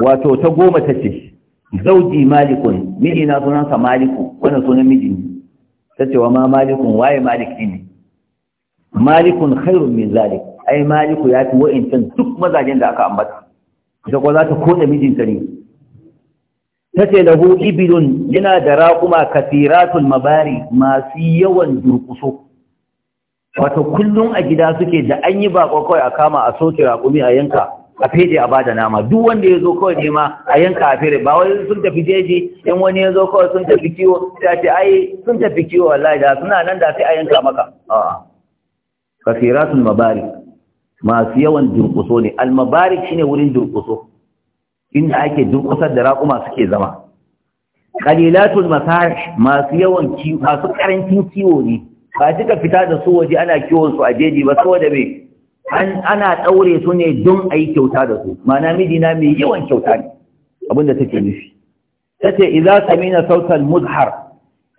wato ta goma tace zauji malikun miji na sunansa maliku wannan sunan miji ne ta ce wa ma malikun waye malik ne malikun khairun min zalik ai maliku ya fi wa'incan duk mazajen da aka ambata ita kuwa za ta kone mijinta ne ta ce hu ibilun yana da raƙuma kasiratul mabari masu yawan durkuso wato kullum a gida suke da an yi baƙo kawai a kama a soke raƙumi a yanka a fede a bada nama duk wanda ya zo kawai nema a yanka a fere ba wai sun tafi jeji in wani ya zo kawai sun tafi kiwo ta ce ai sun tafi kiwo wallahi da suna nan da sai a yanka maka a'a kasiratul mabarik masu yawan durkuso ne al mabarik shine wurin durkuso inda ake durkusar da raƙuma suke zama qalilatul masarih masu yawan kiwo masu karancin kiwo ne ba ka fita da su waje ana kiwon su a jeji ba saboda me ana ɗaure su ne don a yi kyauta da su mana mijina mai yawan kyauta ne abinda take nufi ta ce iza samina sautan muzhar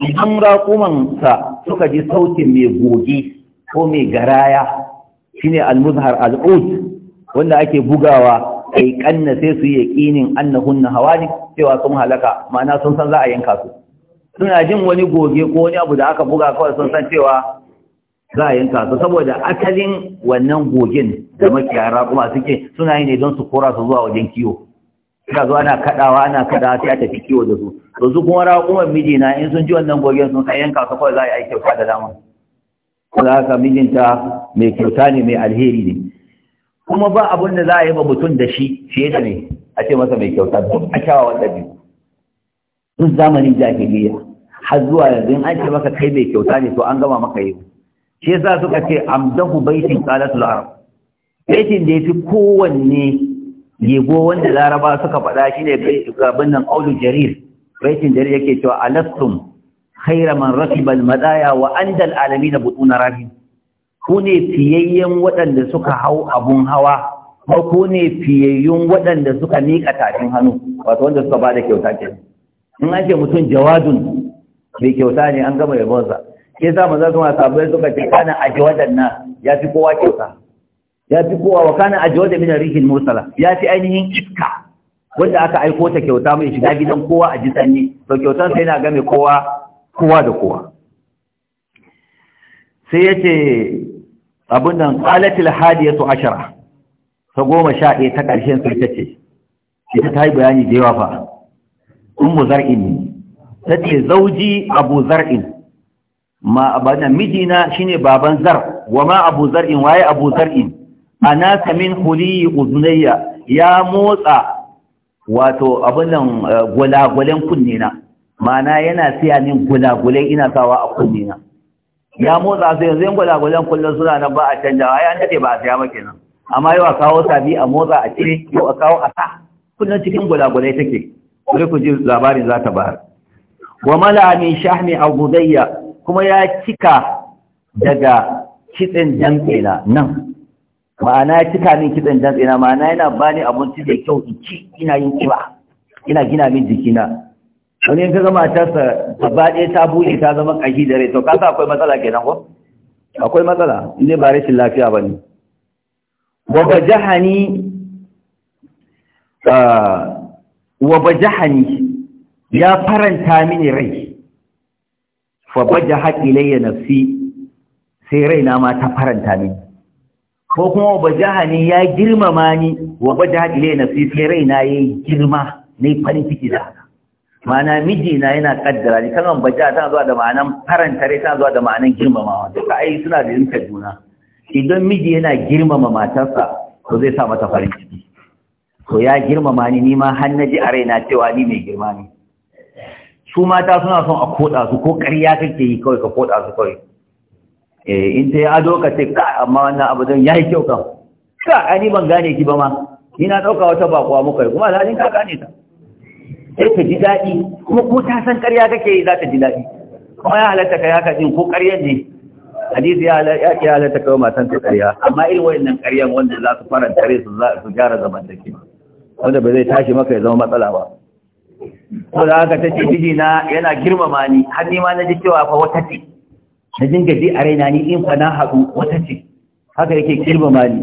idan raƙumansa suka ji sautin mai goge ko mai garaya shine al-muzhar al wanda ake bugawa yi kanna sai su yi ƙinin hawa ne cewa sun halaka ma'ana sun san za a yanka su suna jin wani goge ko wani abu da aka buga kawai sun san cewa za a yanka su saboda asalin wannan gogin da makiyara kuma suke suna yi ne don su kora su zuwa wajen kiwo suka zuwa ana kaɗawa ana kaɗawa sai a tafi kiwo da su to su kuma raƙumar mijina in sun ji wannan gogin sun sai yanka su kawai za a yi kyauta da dama kuma haka mijinta mai kyauta ne mai alheri ne kuma ba abin da za a yi ba mutum da shi fiye da ne a ce masa mai kyauta duk a kyawawan ɗabi'u duk zamanin jahiliya har zuwa yanzu in an ce maka kai mai kyauta ne to an gama maka yau shi yasa suka ce amdahu baitin qalatul arab baitin da yafi kowanne yego wanda laraba suka faɗa shine gaban nan qaulul jarir baitin jarir yake cewa alastum khayra man rakiba al madaya wa andal alamin butuna rahim ku ne fiyayyen waɗanda suka hau abun hawa ko ku ne fiyayyun waɗanda suka miƙa tafin hannu wato wanda suka ba da kyauta ke in ake mutum jawadun bai kyauta ne an gama yabonsa ke sa maza su masu abuwa suka ce kana a jiwadar na ya fi kowa kyauta ya fi kowa wa kana a jiwadar mina rikin mursala ya fi ainihin iska wanda aka aiko ta kyauta mai shiga gidan kowa a ji sanyi to kyautan sai na game kowa kowa da kowa sai ya ce abin nan ya hadiyatu ashara ta goma sha ɗaya ta ƙarshen sai ta ce ita ta yi bayani da yawa fa ummu zar'in ne ta ce zauji abu zar'in ma abana mijina shine baban zar wa ma abu zar'in waye abu zar'in anaka min huli uzunayya ya motsa wato abunan eh, gulagulen kunne na mana yana siya min gulagulen ina sawa a kunne na ya motsa sai yanzu gulagulen kullun suna nan ba a canja. ai an dade ba a siya ba nan amma yau a kawo sabi a motsa a cire yau a kawo a sa kullun cikin gulagulai take sai ku ji labarin za ta bayar wa mala min shahmi abu zayya kuma ya cika daga kitsin jantsena nan ma'ana ya cika min kitsin jantsena ma'ana yana ba ni abinci da kyau in ci ina yin kiba ina gina min jikina wani yanka zama matarsa ta baɗe ta buɗe ta zama ƙashi da rai to kasa akwai matsala kenan ko akwai matsala inda ba rashin lafiya ba ne waba jahani ah, ya faranta mini rai fa haƙi laye nafsi sai raina ma ta faranta ni. ko kuma bajahani ya girmama ni wa bajahat nafsi sai raina yayi girma ne farin ciki da haka ma'ana mijina yana kaddara ni kalmar baja tana zuwa da ma'anan faranta rai ta zuwa da ma'anan girmamawa duka ai suna da rinka juna idan miji yana girmama matarsa to zai sa mata farin ciki to ya girmama ni ni ma har naji a raina cewa ni mai girma ne su mata suna son a koda su ko ƙarya kake yi kawai ka koda su kawai eh in ta yi ado ka ce ka amma wannan abu don ya yi kyau kan ka ani ban gane ki ba ma ina ɗauka wata bakuwa muka yi kuma alhalin ka gane ta sai ka ji daɗi kuma ko ta san ƙarya kake yi za ta ji daɗi kuma ya halatta ka haka kaɗin ko ƙarya ne hadisi ya halatta kai matan ta ƙarya amma irin wannan ƙaryan wanda za su faranta rai su gyara zamantakewa wanda ba zai tashi maka ya zama matsala ba ko da haka ta ce na yana girmama ni har ni ma na ji cewa fa wata ce na jin gaji a raina ni in fa na haɗu wata ce haka yake girmama ni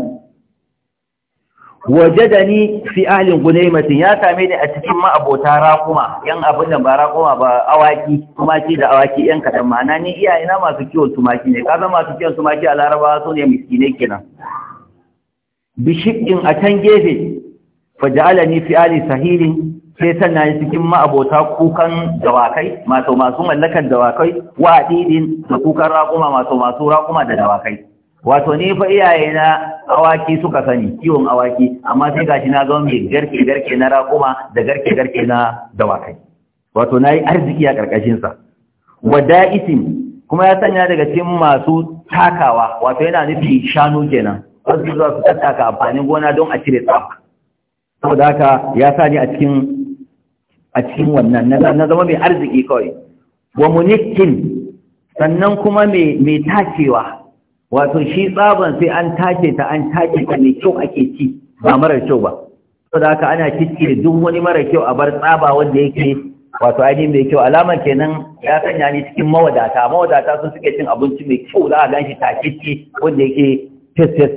wajadani fi ahlin gunaymatin ya same ni a cikin ma'abota raƙuma yan abin da ba raƙuma ba awaki tumaki da awaki yan kaɗan ma'ana ni iyayena masu kiwon tumaki ne kaza masu kiwon tumaki a larabawa su ne miskinai kenan bishikin a can gefe fa ja'alani fi ali sahilin sai yi cikin ma'abota kukan dawakai masu masu mallakan dawakai wa didin da kukan raƙuma masu masu raƙuma da dawakai wato ni fa iyaye na awaki suka sani kiwon awaki amma sai gashi na zama mai garke garke na raƙuma da garke garke na dawakai wato nayi arziki a karkashin sa wada'isin kuma ya sanya daga cikin masu takawa wato yana nufi shanu kenan wasu zuwa su tattaka amfanin gona don a cire tsafa saboda haka ya sa ni a cikin a cikin wannan na zama mai arziki kawai wa munikin sannan kuma mai tacewa wato shi tsaban sai an tace ta an tace ta mai kyau ake ci ba marar kyau ba saboda haka ana cikin duk wani marar kyau a bar tsaba wanda yake wato ainihin mai kyau alama kenan ya sanya ni cikin mawadata mawadata sun suke cin abinci mai kyau za a ganshi tace ce wanda yake fes fes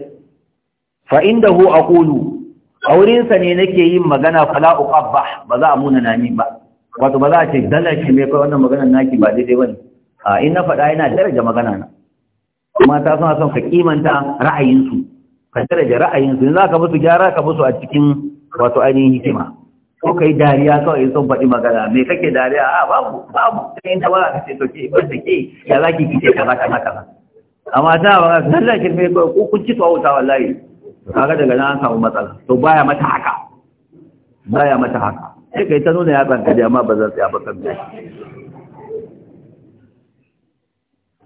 fa indahu aqulu a wurinsa ne nake yin magana fala uqabba ba za a muna nani ba wato ba za a ce dalar shi mai kai wannan maganar naki ba daidai wani a in na faɗa yana daraja magana na kuma ta suna son ka kimanta ra'ayinsu ka daraja ra'ayinsu yanzu aka musu gyara ka musu a cikin wato ainihin hikima ko kai dariya kawai sun faɗi magana me kake dariya a babu babu sai da ba ka ce to ke ba ke ya zaki kike kaza kaza kaza amma ta ba ka dalla ki mai ko kun ci to ta wallahi kaga daga nan an samu matsala to baya mata haka baya mata haka sai kai ta nuna yatsan da amma ba zan tsaya ba kan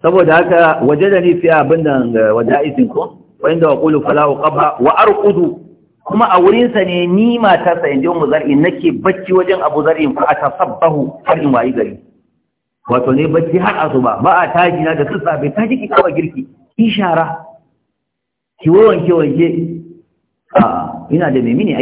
saboda haka waje da ni fi abin da eh, wada'isin ko wanda wa qulu fala uqaba wa arqudu kuma a wurinsa ne ni mata in ji mu zar'in nake bacci wajen abu zar'in fa a tasabbahu har in wayi gari wato ne bacci har asuba ba a taji na da sassafe ta ki kawai girki ishara ki wanke wanke a ina da mai mini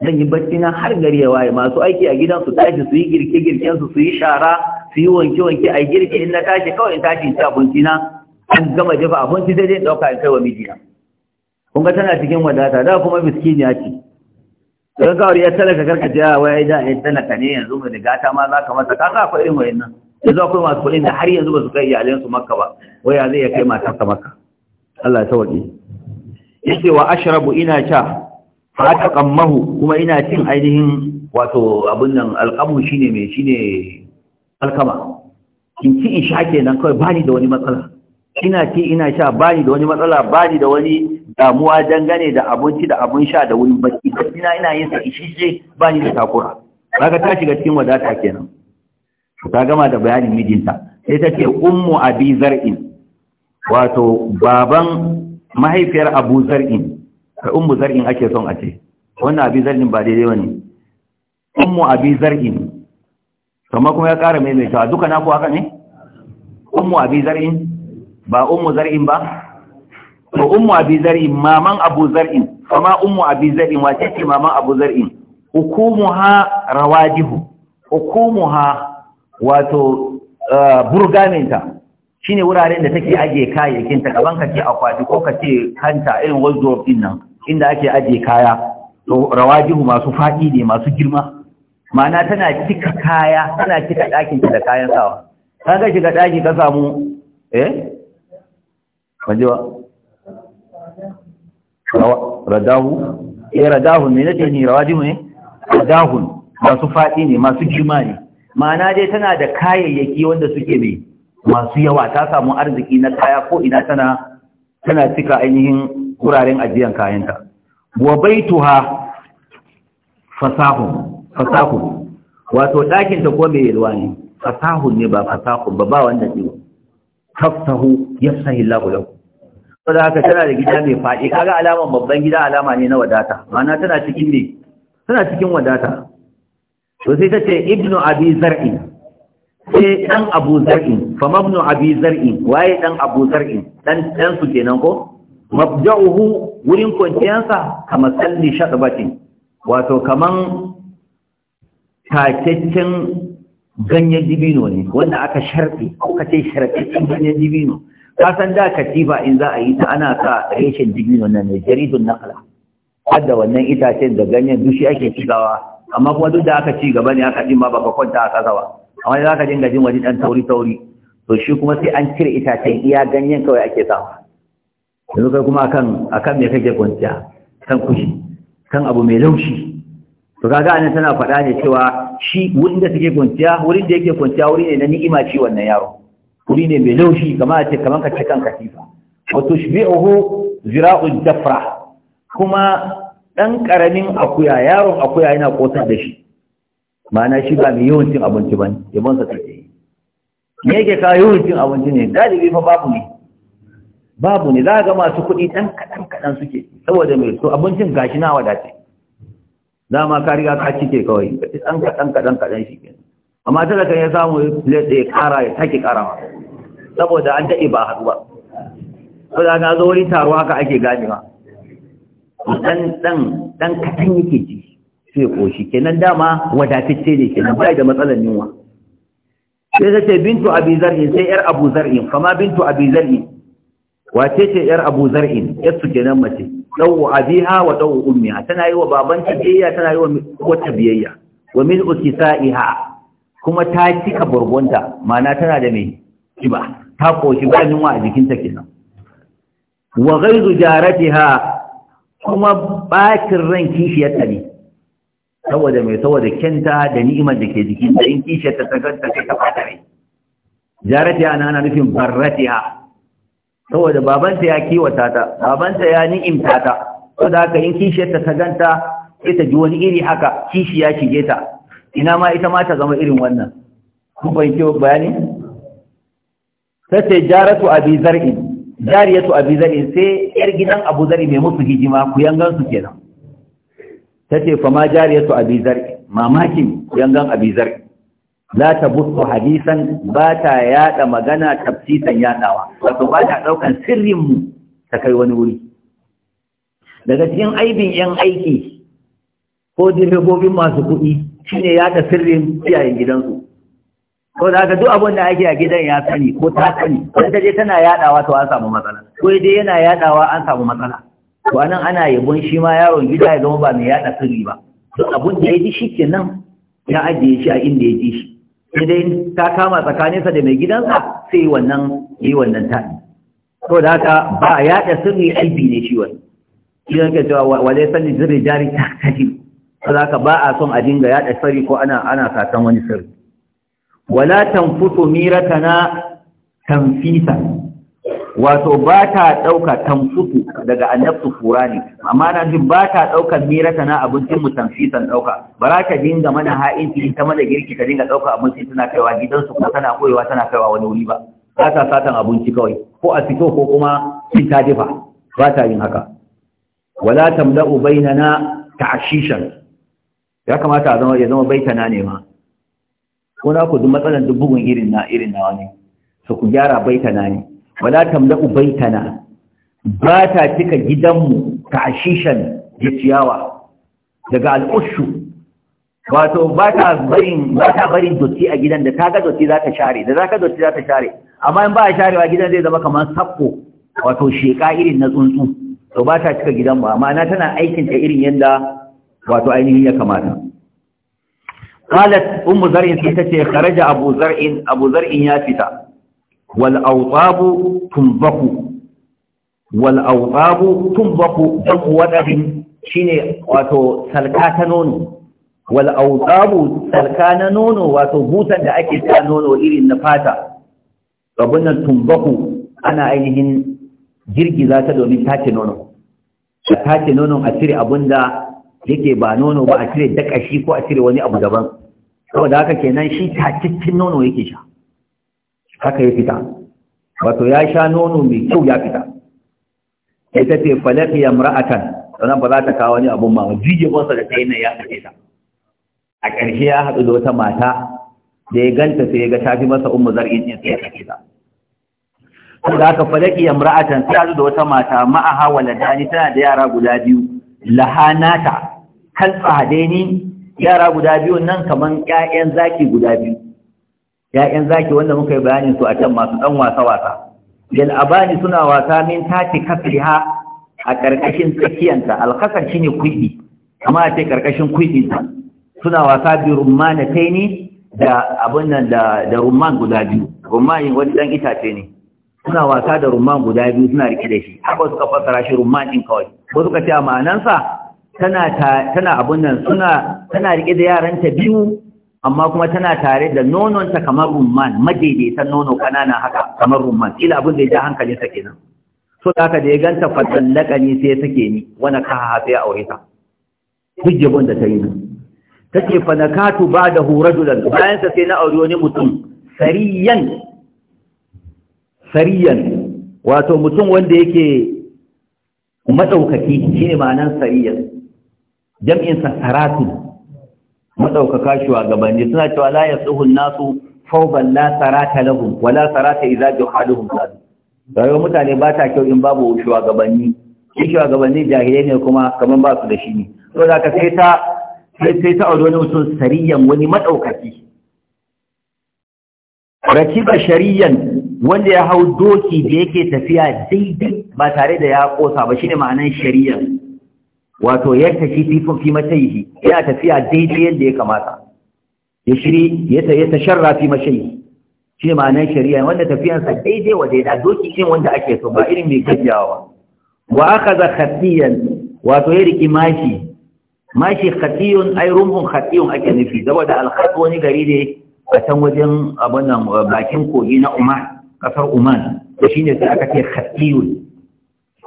zan yi bacci na har gari ya waye masu aiki a gidan su tashi su yi girke girken su su yi shara su yi wanke wanke a girke in na tashi kawai in tashi in ci abinci na an gama jefa abinci dai dai dauka in kai wa mijina kun ga tana cikin wadata da kuma ne ce don kawar ya talaka karkace ya ah, waya da ya talaka ne yanzu mai daga ta ma za ka masa ka sa akwai irin wayannan yanzu akwai masu kuɗin da har yanzu ba su kai iyalansu makka ba waya zai ya kai matarsa makka Allah ya sauke yace wa ashrabu ina sha fa taqammahu kuma ina cin ainihin wato abun nan alqamu shine me shine alkama in ci in sha nan kawai bani da wani matsala ina ci ina sha bani da wani matsala bani da wani damuwa dangane da abinci da abun sha da wurin bacci ina ina yin sa ishishe bani da takura kaga ta shiga cikin wadata kenan ta gama da bayanin mijinta sai ta ce ummu abi zar'in wato baban mahaifiyar abu zar'in ka umu zar'in ake son a ce wannan abu zar'in ba daidai wani umu abi zar'in kamar kuma ya ƙara maimaitawa duka na kuwa haka ne umu abi zar'in ba umu zar'in ba Ko umu abi zar'in maman abu zar'in kama umu abi zar'in wace ce maman abu zar'in hukumuha rawajihu hukumuha wato eh, burganinta. ne wuraren da take ajiye kayayyakin ta kaman ka ce akwati ko ka ce kanta irin wardrobe din nan inda ake ajiye kaya to rawajihu masu fadi ne masu girma ma'ana tana cika kaya tana cika ɗakin da kayan sawa ka ga shiga ɗaki ka samu eh wanje ba radahu eh radahu ne nake ni rawajihu ne radahu masu fadi ne masu girma ne ma'ana dai tana da kayayyaki wanda suke mai masu yawa ta samu arziki na kaya ko ina tana tana cika ainihin wuraren ajiyan kayanta wa baituha fasahu fasahun wato dakin ta ko mai yalwa ne fasahun ne ba fasahun ba ba wanda ne tafsahu yafsahi Allahu lahu saboda haka tana da gida mai faɗi kaga alaman babban gida alama ne na wadata ma'ana tana cikin ne tana cikin wadata to sai ce ibnu abi zar'i sai dan abu zar'in fa mabnu abi zar'in waye dan abu zar'in dan dan su kenan ko mabda'uhu wurin kwanciyansa kama salli shadbatin wato kaman takaccen ganyen dibino ne wanda aka sharfe ko kace sharfaccen ganyen dibino ka san da katifa in za a yi ta ana sa reshen dibino nan ne jaridun nakala hadda wannan itacen da ganyen dushi ake cigawa amma kuma duk da aka ci gaba ne aka ji ma baka kwanta a zawa. ba amma za ka dinga jin wani ɗan tauri-tauri to shi kuma sai an cire itacen iya ganyen kawai ake samu yanzu kai kuma akan akan me kake kwanciya kan kushi kan abu mai laushi to kaga anan tana faɗa ne cewa shi wurin da take kwanciya wurin da yake kwanciya wuri ne na ni'ima ci wannan yaro wuri ne mai laushi kamar a ce kamar ka ce kan katifa wa tushbi'uhu zira'u dafra kuma dan karamin akuya yaron akuya yana kotar da shi ma'ana shi ba mai yawan cin abinci ba ne yabon sa kake yi me yake kawo yawan cin abinci ne galibi fa babu ne babu ne za ga masu kuɗi ɗan kaɗan kaɗan suke saboda mai so abincin gashi na wadace ma ka riga ka cike kawai ɗan kaɗan kaɗan kaɗan shi kenan amma talakan ya samu plate da ya ƙara ya take ƙara ma saboda an daɗe ba haɗu ba saboda na zo wani taro haka ake ganewa ɗan ɗan ɗan kaɗan yake ji sai ƙoshi, kenan dama wadatacce ne kenan bai da matsalar yunwa sai ta ce bintu abi zar'in sai yar abu zar'in fama bintu abi zar'in wace ce yar abu zar'in yar kenan mace dawu abiha wa dawu ummiha tana yi wa babanta biyayya tana yi wa wata biyayya wa min ukisa'iha kuma ta cika burgunta ma'ana tana da mai kiba ta koshi ba yunwa a jikinta kenan wa ghaizu jaratiha kuma bakin ran kishiyarta ne saboda mai saboda kyanta da ni'imar da ke jiki da in kishe ta tsakar ta kai ta fata rai jaratiya na ana nufin ha saboda babanta ya kiwata ta babanta ya ni'imta ta da haka in kishe ta ta sai ta ji wani iri haka kishi ya shige ta ina ma ita ma ta zama irin wannan kun fahimci bayani sai ta jaratu abi zar'in jariyatu abi zar'in sai yar gidan abu zar'i mai musu hijima ku yangan su kenan ta ce fa ma jariyatu abi zar'i mamakin yangan abi zar'i la ta busu hadisan ba ta yada magana tafsitan yadawa wato ba ta daukan sirrin mu ta kai wani wuri daga cikin aibin yan aiki ko direbobin masu kuɗi shine yada sirrin iyayen gidansu ko da haka duk abin da ake a gidan ya sani ko ta sani ko ta je tana yadawa to an samu matsala ko dai yana yadawa an samu matsala to anan ana yabon shi ma yaron gida ya zama ba mai yaɗa sirri ba to abun da ya ji shi kenan ya ajiye shi a inda ya ji shi idan ta kama tsakaninsa da mai gidansa sai wannan yi wannan taɗi to da haka ba a yaɗa sirri aibi ne shi wani idan ka cewa wale sani zirri jari ta kaji to da ba a son a dinga yaɗa sirri ko ana ana satan wani sirri wala tanfutu miratana tanfisa wato ba ta ɗauka tamfutu daga annabtu fura ne amma na jin ba ta ɗaukar mirata na abincin mu ɗauka ba za ta dinga mana ha'inci ta mana girki ka dinga ɗauka abinci tana kaiwa gidansu ko tana koyewa tana kaiwa wani wuri ba ba ta satan abinci kawai ko a fito ko kuma cin ta dafa ba ta yin haka wala tamla'u bainana ta'ashishan ya kamata a zama ya zama tana ne ma ko na ku duk matsalan duk bugun irin na irin nawa ne su ku gyara bai tana ne wala tamda ubaitana, ba ta cika gidanmu ta tashishan da ciyawa daga al'ushu wato ba ta barin ba ta barin dotti a gidan da kaga dotti za ta share da zaka dotti za ta share amma in ba a sharewa gidan zai zama kamar sappo wato sheka irin na tsuntsu to ba ta cika gidanmu. Amma na tana aikin ta irin yanda wato ainihin ya kamata قالت أم زرع تتشي خرج أبو زرع أبو زرع يا فتاة wal awtabu tunbaku ɗan awtabu tunbaku dan shine wato salka ta nono wal salka na nono wato butan da ake ta nono irin na fata rabunan tunbaku ana ainihin girgiza ta domin tace nono a tace nonon a cire abin da yake ba nono ba a cire dakashi ko a cire wani abu daban saboda haka kenan shi tacikin nono yake sha haka ya fita wato ya sha nono mai kyau ya fita ita ce falaki ya mura'atan sannan ba za ta kawo wani abun ma jije masa da kai na ya sake ta a ƙarshe ya haɗu da wata mata da ya ganta sai ya ga tafi masa ummu zar'in din sai ya sake ta ko da haka falaki ya mura'atan sai haɗu da wata mata ma'aha waladani tana da yara guda biyu lahanata kan tsadeni yara guda biyu nan kaman ƴaƴan zaki guda biyu ya'yan zaki wanda muka yi bayanin su a can masu dan wasa wasa yal abani suna wasa min tati ha a karkashin tsakiyanta alkasar shine kuɗi amma a ce karkashin kuɗi suna wasa bi rumana ne da abun nan da rumman guda biyu rumman wani ɗan itace ne suna wasa da rumman guda biyu suna rike da shi haka suka fassara shi rumman ɗin kawai ko suka ce a ma'anansa tana abin abun nan suna tana rike da yaranta biyu amma kuma tana tare da nononta kamar rumman madaidaitan nono kanana haka kamar rumman ila abin da ya ja sa kenan so da haka da ya ganta fatallaka ni sai take ni wani kaha sai aure ta hujjabun da ta yi nan take fa nakatu da hu rajulan bayan sa sai na aure wani mutum sariyan sariyan wato mutum wanda yake madaukaki shine ma'anar sariyan jam'in sa madaukaka shugabanni suna cewa la yasuhu nasu fawban la sarata lahum wa la sarata idza juhaluhum sadu mutane ba ta kyau in babu shugabanni shi shugabanni jahilai ne kuma kaman ba su da shi ne to da ka sai ta sai ta aure wani mutum sariyan wani madaukaki rakiba shariyan wanda ya hau doki da yake tafiya daidai ba tare da ya kosa ba shine ma'anan shariyan wato yadda shi fi mashayihi yana tafiya daidai yadda ya kamata ya shiri ya tasharra fi mashayihi shi ne ma'anar shari'a wanda tafiyansa daidai wa daidai doki shi wanda ake so ba irin mai gajiyawa wa aka za khatiyan wato ya riki mashi mashi khatiyun ai rumbun khatiyun ake nufi saboda alkhat wani gari ne a can wajen abin bakin kogi na umar, kasar umar da ne sai aka ce khatiyun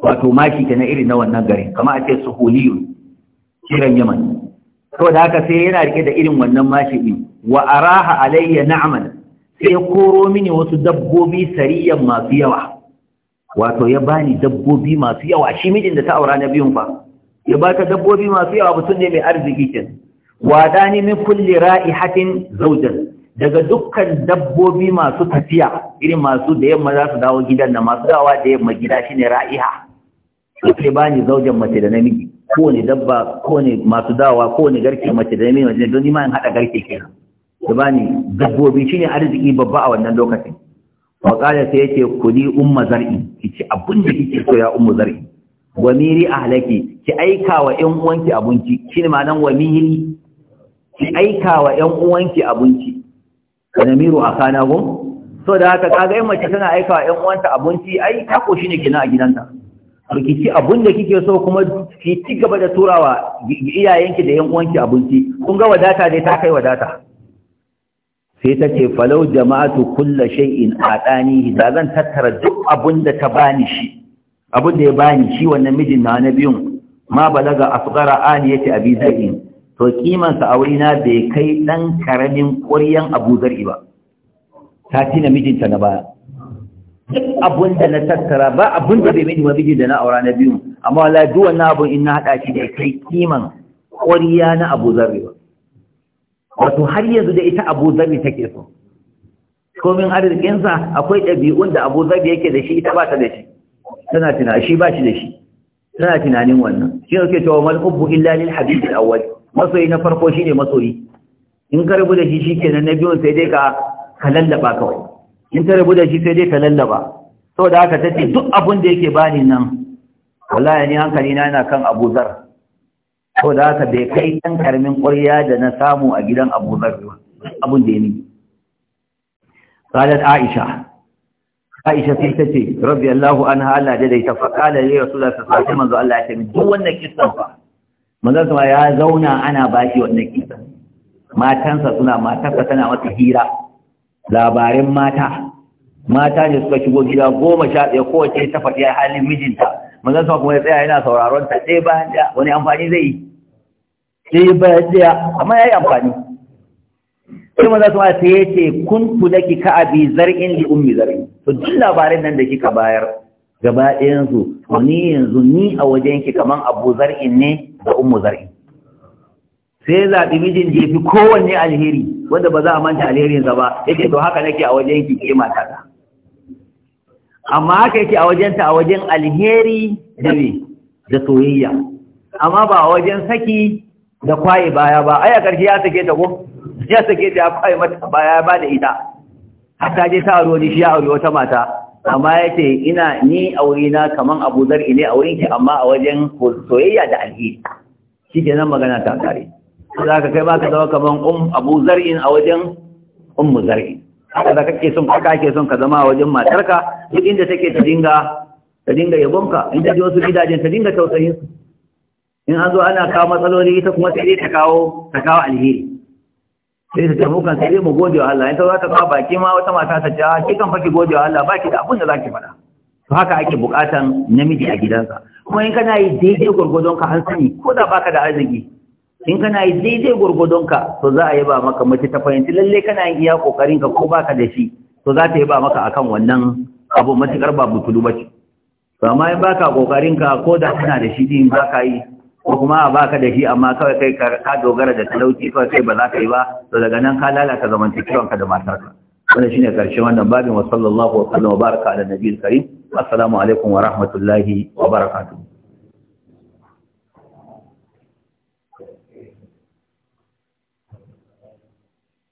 wato maki ke irin na wannan garin kama a ce suhuliyu kiran yaman to da haka sai yana rike da irin wannan maki din wa araha alayya na'man sai ya koro mini wasu dabbobi sariyan masu yawa wato ya bani dabbobi masu yawa shi mijin da ta aura na biyun fa ya baka dabbobi masu yawa mutum ne mai arziki kin wadani min kulli ra'ihatin zawjan daga dukkan dabbobi masu tafiya irin masu da yamma za su dawo gidan na masu dawa da yamma gida shine ra'iha sai bani zaujan mace da namiji ko ne dabba ko ne masu dawa ne garke mace da namiji mace don nima in haɗa garke kenan da bani dabbobi shi ne arziki babba a wannan lokacin wa qala sai ku kuli umma zar'i ci abun da kike so ya umma zar'i wa miri ahlaki ki aika wa ƴan uwanki abinci ne ma'anan wa miri ki aika wa ƴan uwanki abinci namiru a kana gun? so da haka kaga yin mace tana aika wa ƴan uwanta abinci ai tako ne kina a gidanta rikici abun da kike so kuma ki ci gaba da turawa iyayenki da yan uwanki abinci kun ga wadata dai ta kai wadata sai ta ce falau jama'atu kulla shay'in adani da zan tattara duk abun da ta bani shi abun da ya bani shi wannan mijin na na biyun ma balaga asghara a abi zain to kiman sa aure na bai kai dan karamin ƙuryan abu zar'i ba ta tina mijinta na baya duk abun da na tattara ba abun da bai mini mabiji da na aura na biyu amma wala duwa na abun in na haɗa shi da kai kiman ƙwariya na Abu Zarri ba wato har yanzu da ita Abu Zarri take so komin arzikinsa akwai ɗabi'un da Abu Zarri yake da shi ita ba ta da shi tana tunani, shi ba shi da shi tana tunanin wannan shi ne ke cewa mal ubu illa lil habibi awwal masoyi na farko shine masoyi in ka rubu da shi shikenan na biyun sai dai ka ka lallaba kawai in ta rabu da shi sai dai ka lallaba saboda haka tace duk abin da yake bani nan wallahi ni hankali na yana kan Abu Zar saboda haka bai kai ɗan karamin ƙwarya da na samu a gidan Abu Zar abin da ya ni Aisha. Aisha sai ta ce, Rabbi Allahu an hala da daita faƙala ne Rasulullah ta sai manzo Allah ya ce, duk wannan kisan fa, manzo kuma ya zauna ana ba shi wannan kisan. Matansa suna matarsa tana masa hira, labarin mata mata ne suka shigo gida goma sha ɗaya kowace ta faɗi a halin mijinta manzan sama kuma ya tsaya yana sauraron ta ɗaya bayan ɗaya wani amfani zai yi ɗaya bayan ɗaya amma ya yi amfani sai manzan sama sai ya ce kun ku da ki ka'abi zar'in li ummi zar'in to duk labarin nan da kika bayar gaba ɗayan su ni yanzu ni a wajen ki kaman abu zar'in ne da ummu zar'in sai ya zaɓi mijin da ya fi kowanne alheri wanda ba za a manta alherinsa ba yake to haka nake a wajen ki ke matata amma haka yake a wajenta a wajen alheri da me da soyayya amma ba a wajen saki da kwaye baya ba ai a ƙarshe ya sake ta ko ya sake ta kwaye mata baya ba da ita hatta je ta aure shi ya aure wata mata amma yace ina ni aure na kaman Abu Zar ne ki. amma a wajen soyayya da alheri shi ke nan magana ta kare za ka kai baka zama kamar um, abu zar'in a wajen umu zar'in haka da kake son ka ake son ka zama a wajen matarka duk inda take ta dinga ta dinga yabonka in ta ji wasu gidajen ta dinga tausayin su in an zo ana kawo matsaloli ita kuma sai dai ta kawo ta kawo alheri sai ta tamu kan sai mu gode wa Allah in ta za ta kawo baki ma wata mata ta ja ah, ki kan faki gode wa Allah baki da abin da zaki faɗa to haka ake bukatan namiji a gidansa kuma in kana yi daidai gurgurdon ka an sani ko da baka da arziki in kana yi daidai gurgudunka to za a yi ba maka mace ta fahimci lalle kana yin iya kokarin ka ko baka da shi to za ta yi ba maka akan wannan abu matukar ba butulu bace to amma in baka kokarin ka ko da kana da shi din baka yi ko kuma baka da shi amma kawai kai ka dogara da talauci kawai kai ba za ka yi ba to daga nan ka lalata zamantakewan ka da matarka wannan shine karshe wannan babin wa sallallahu wa sallama baraka ala nabiyil karim assalamu alaikum wa rahmatullahi wa barakatuh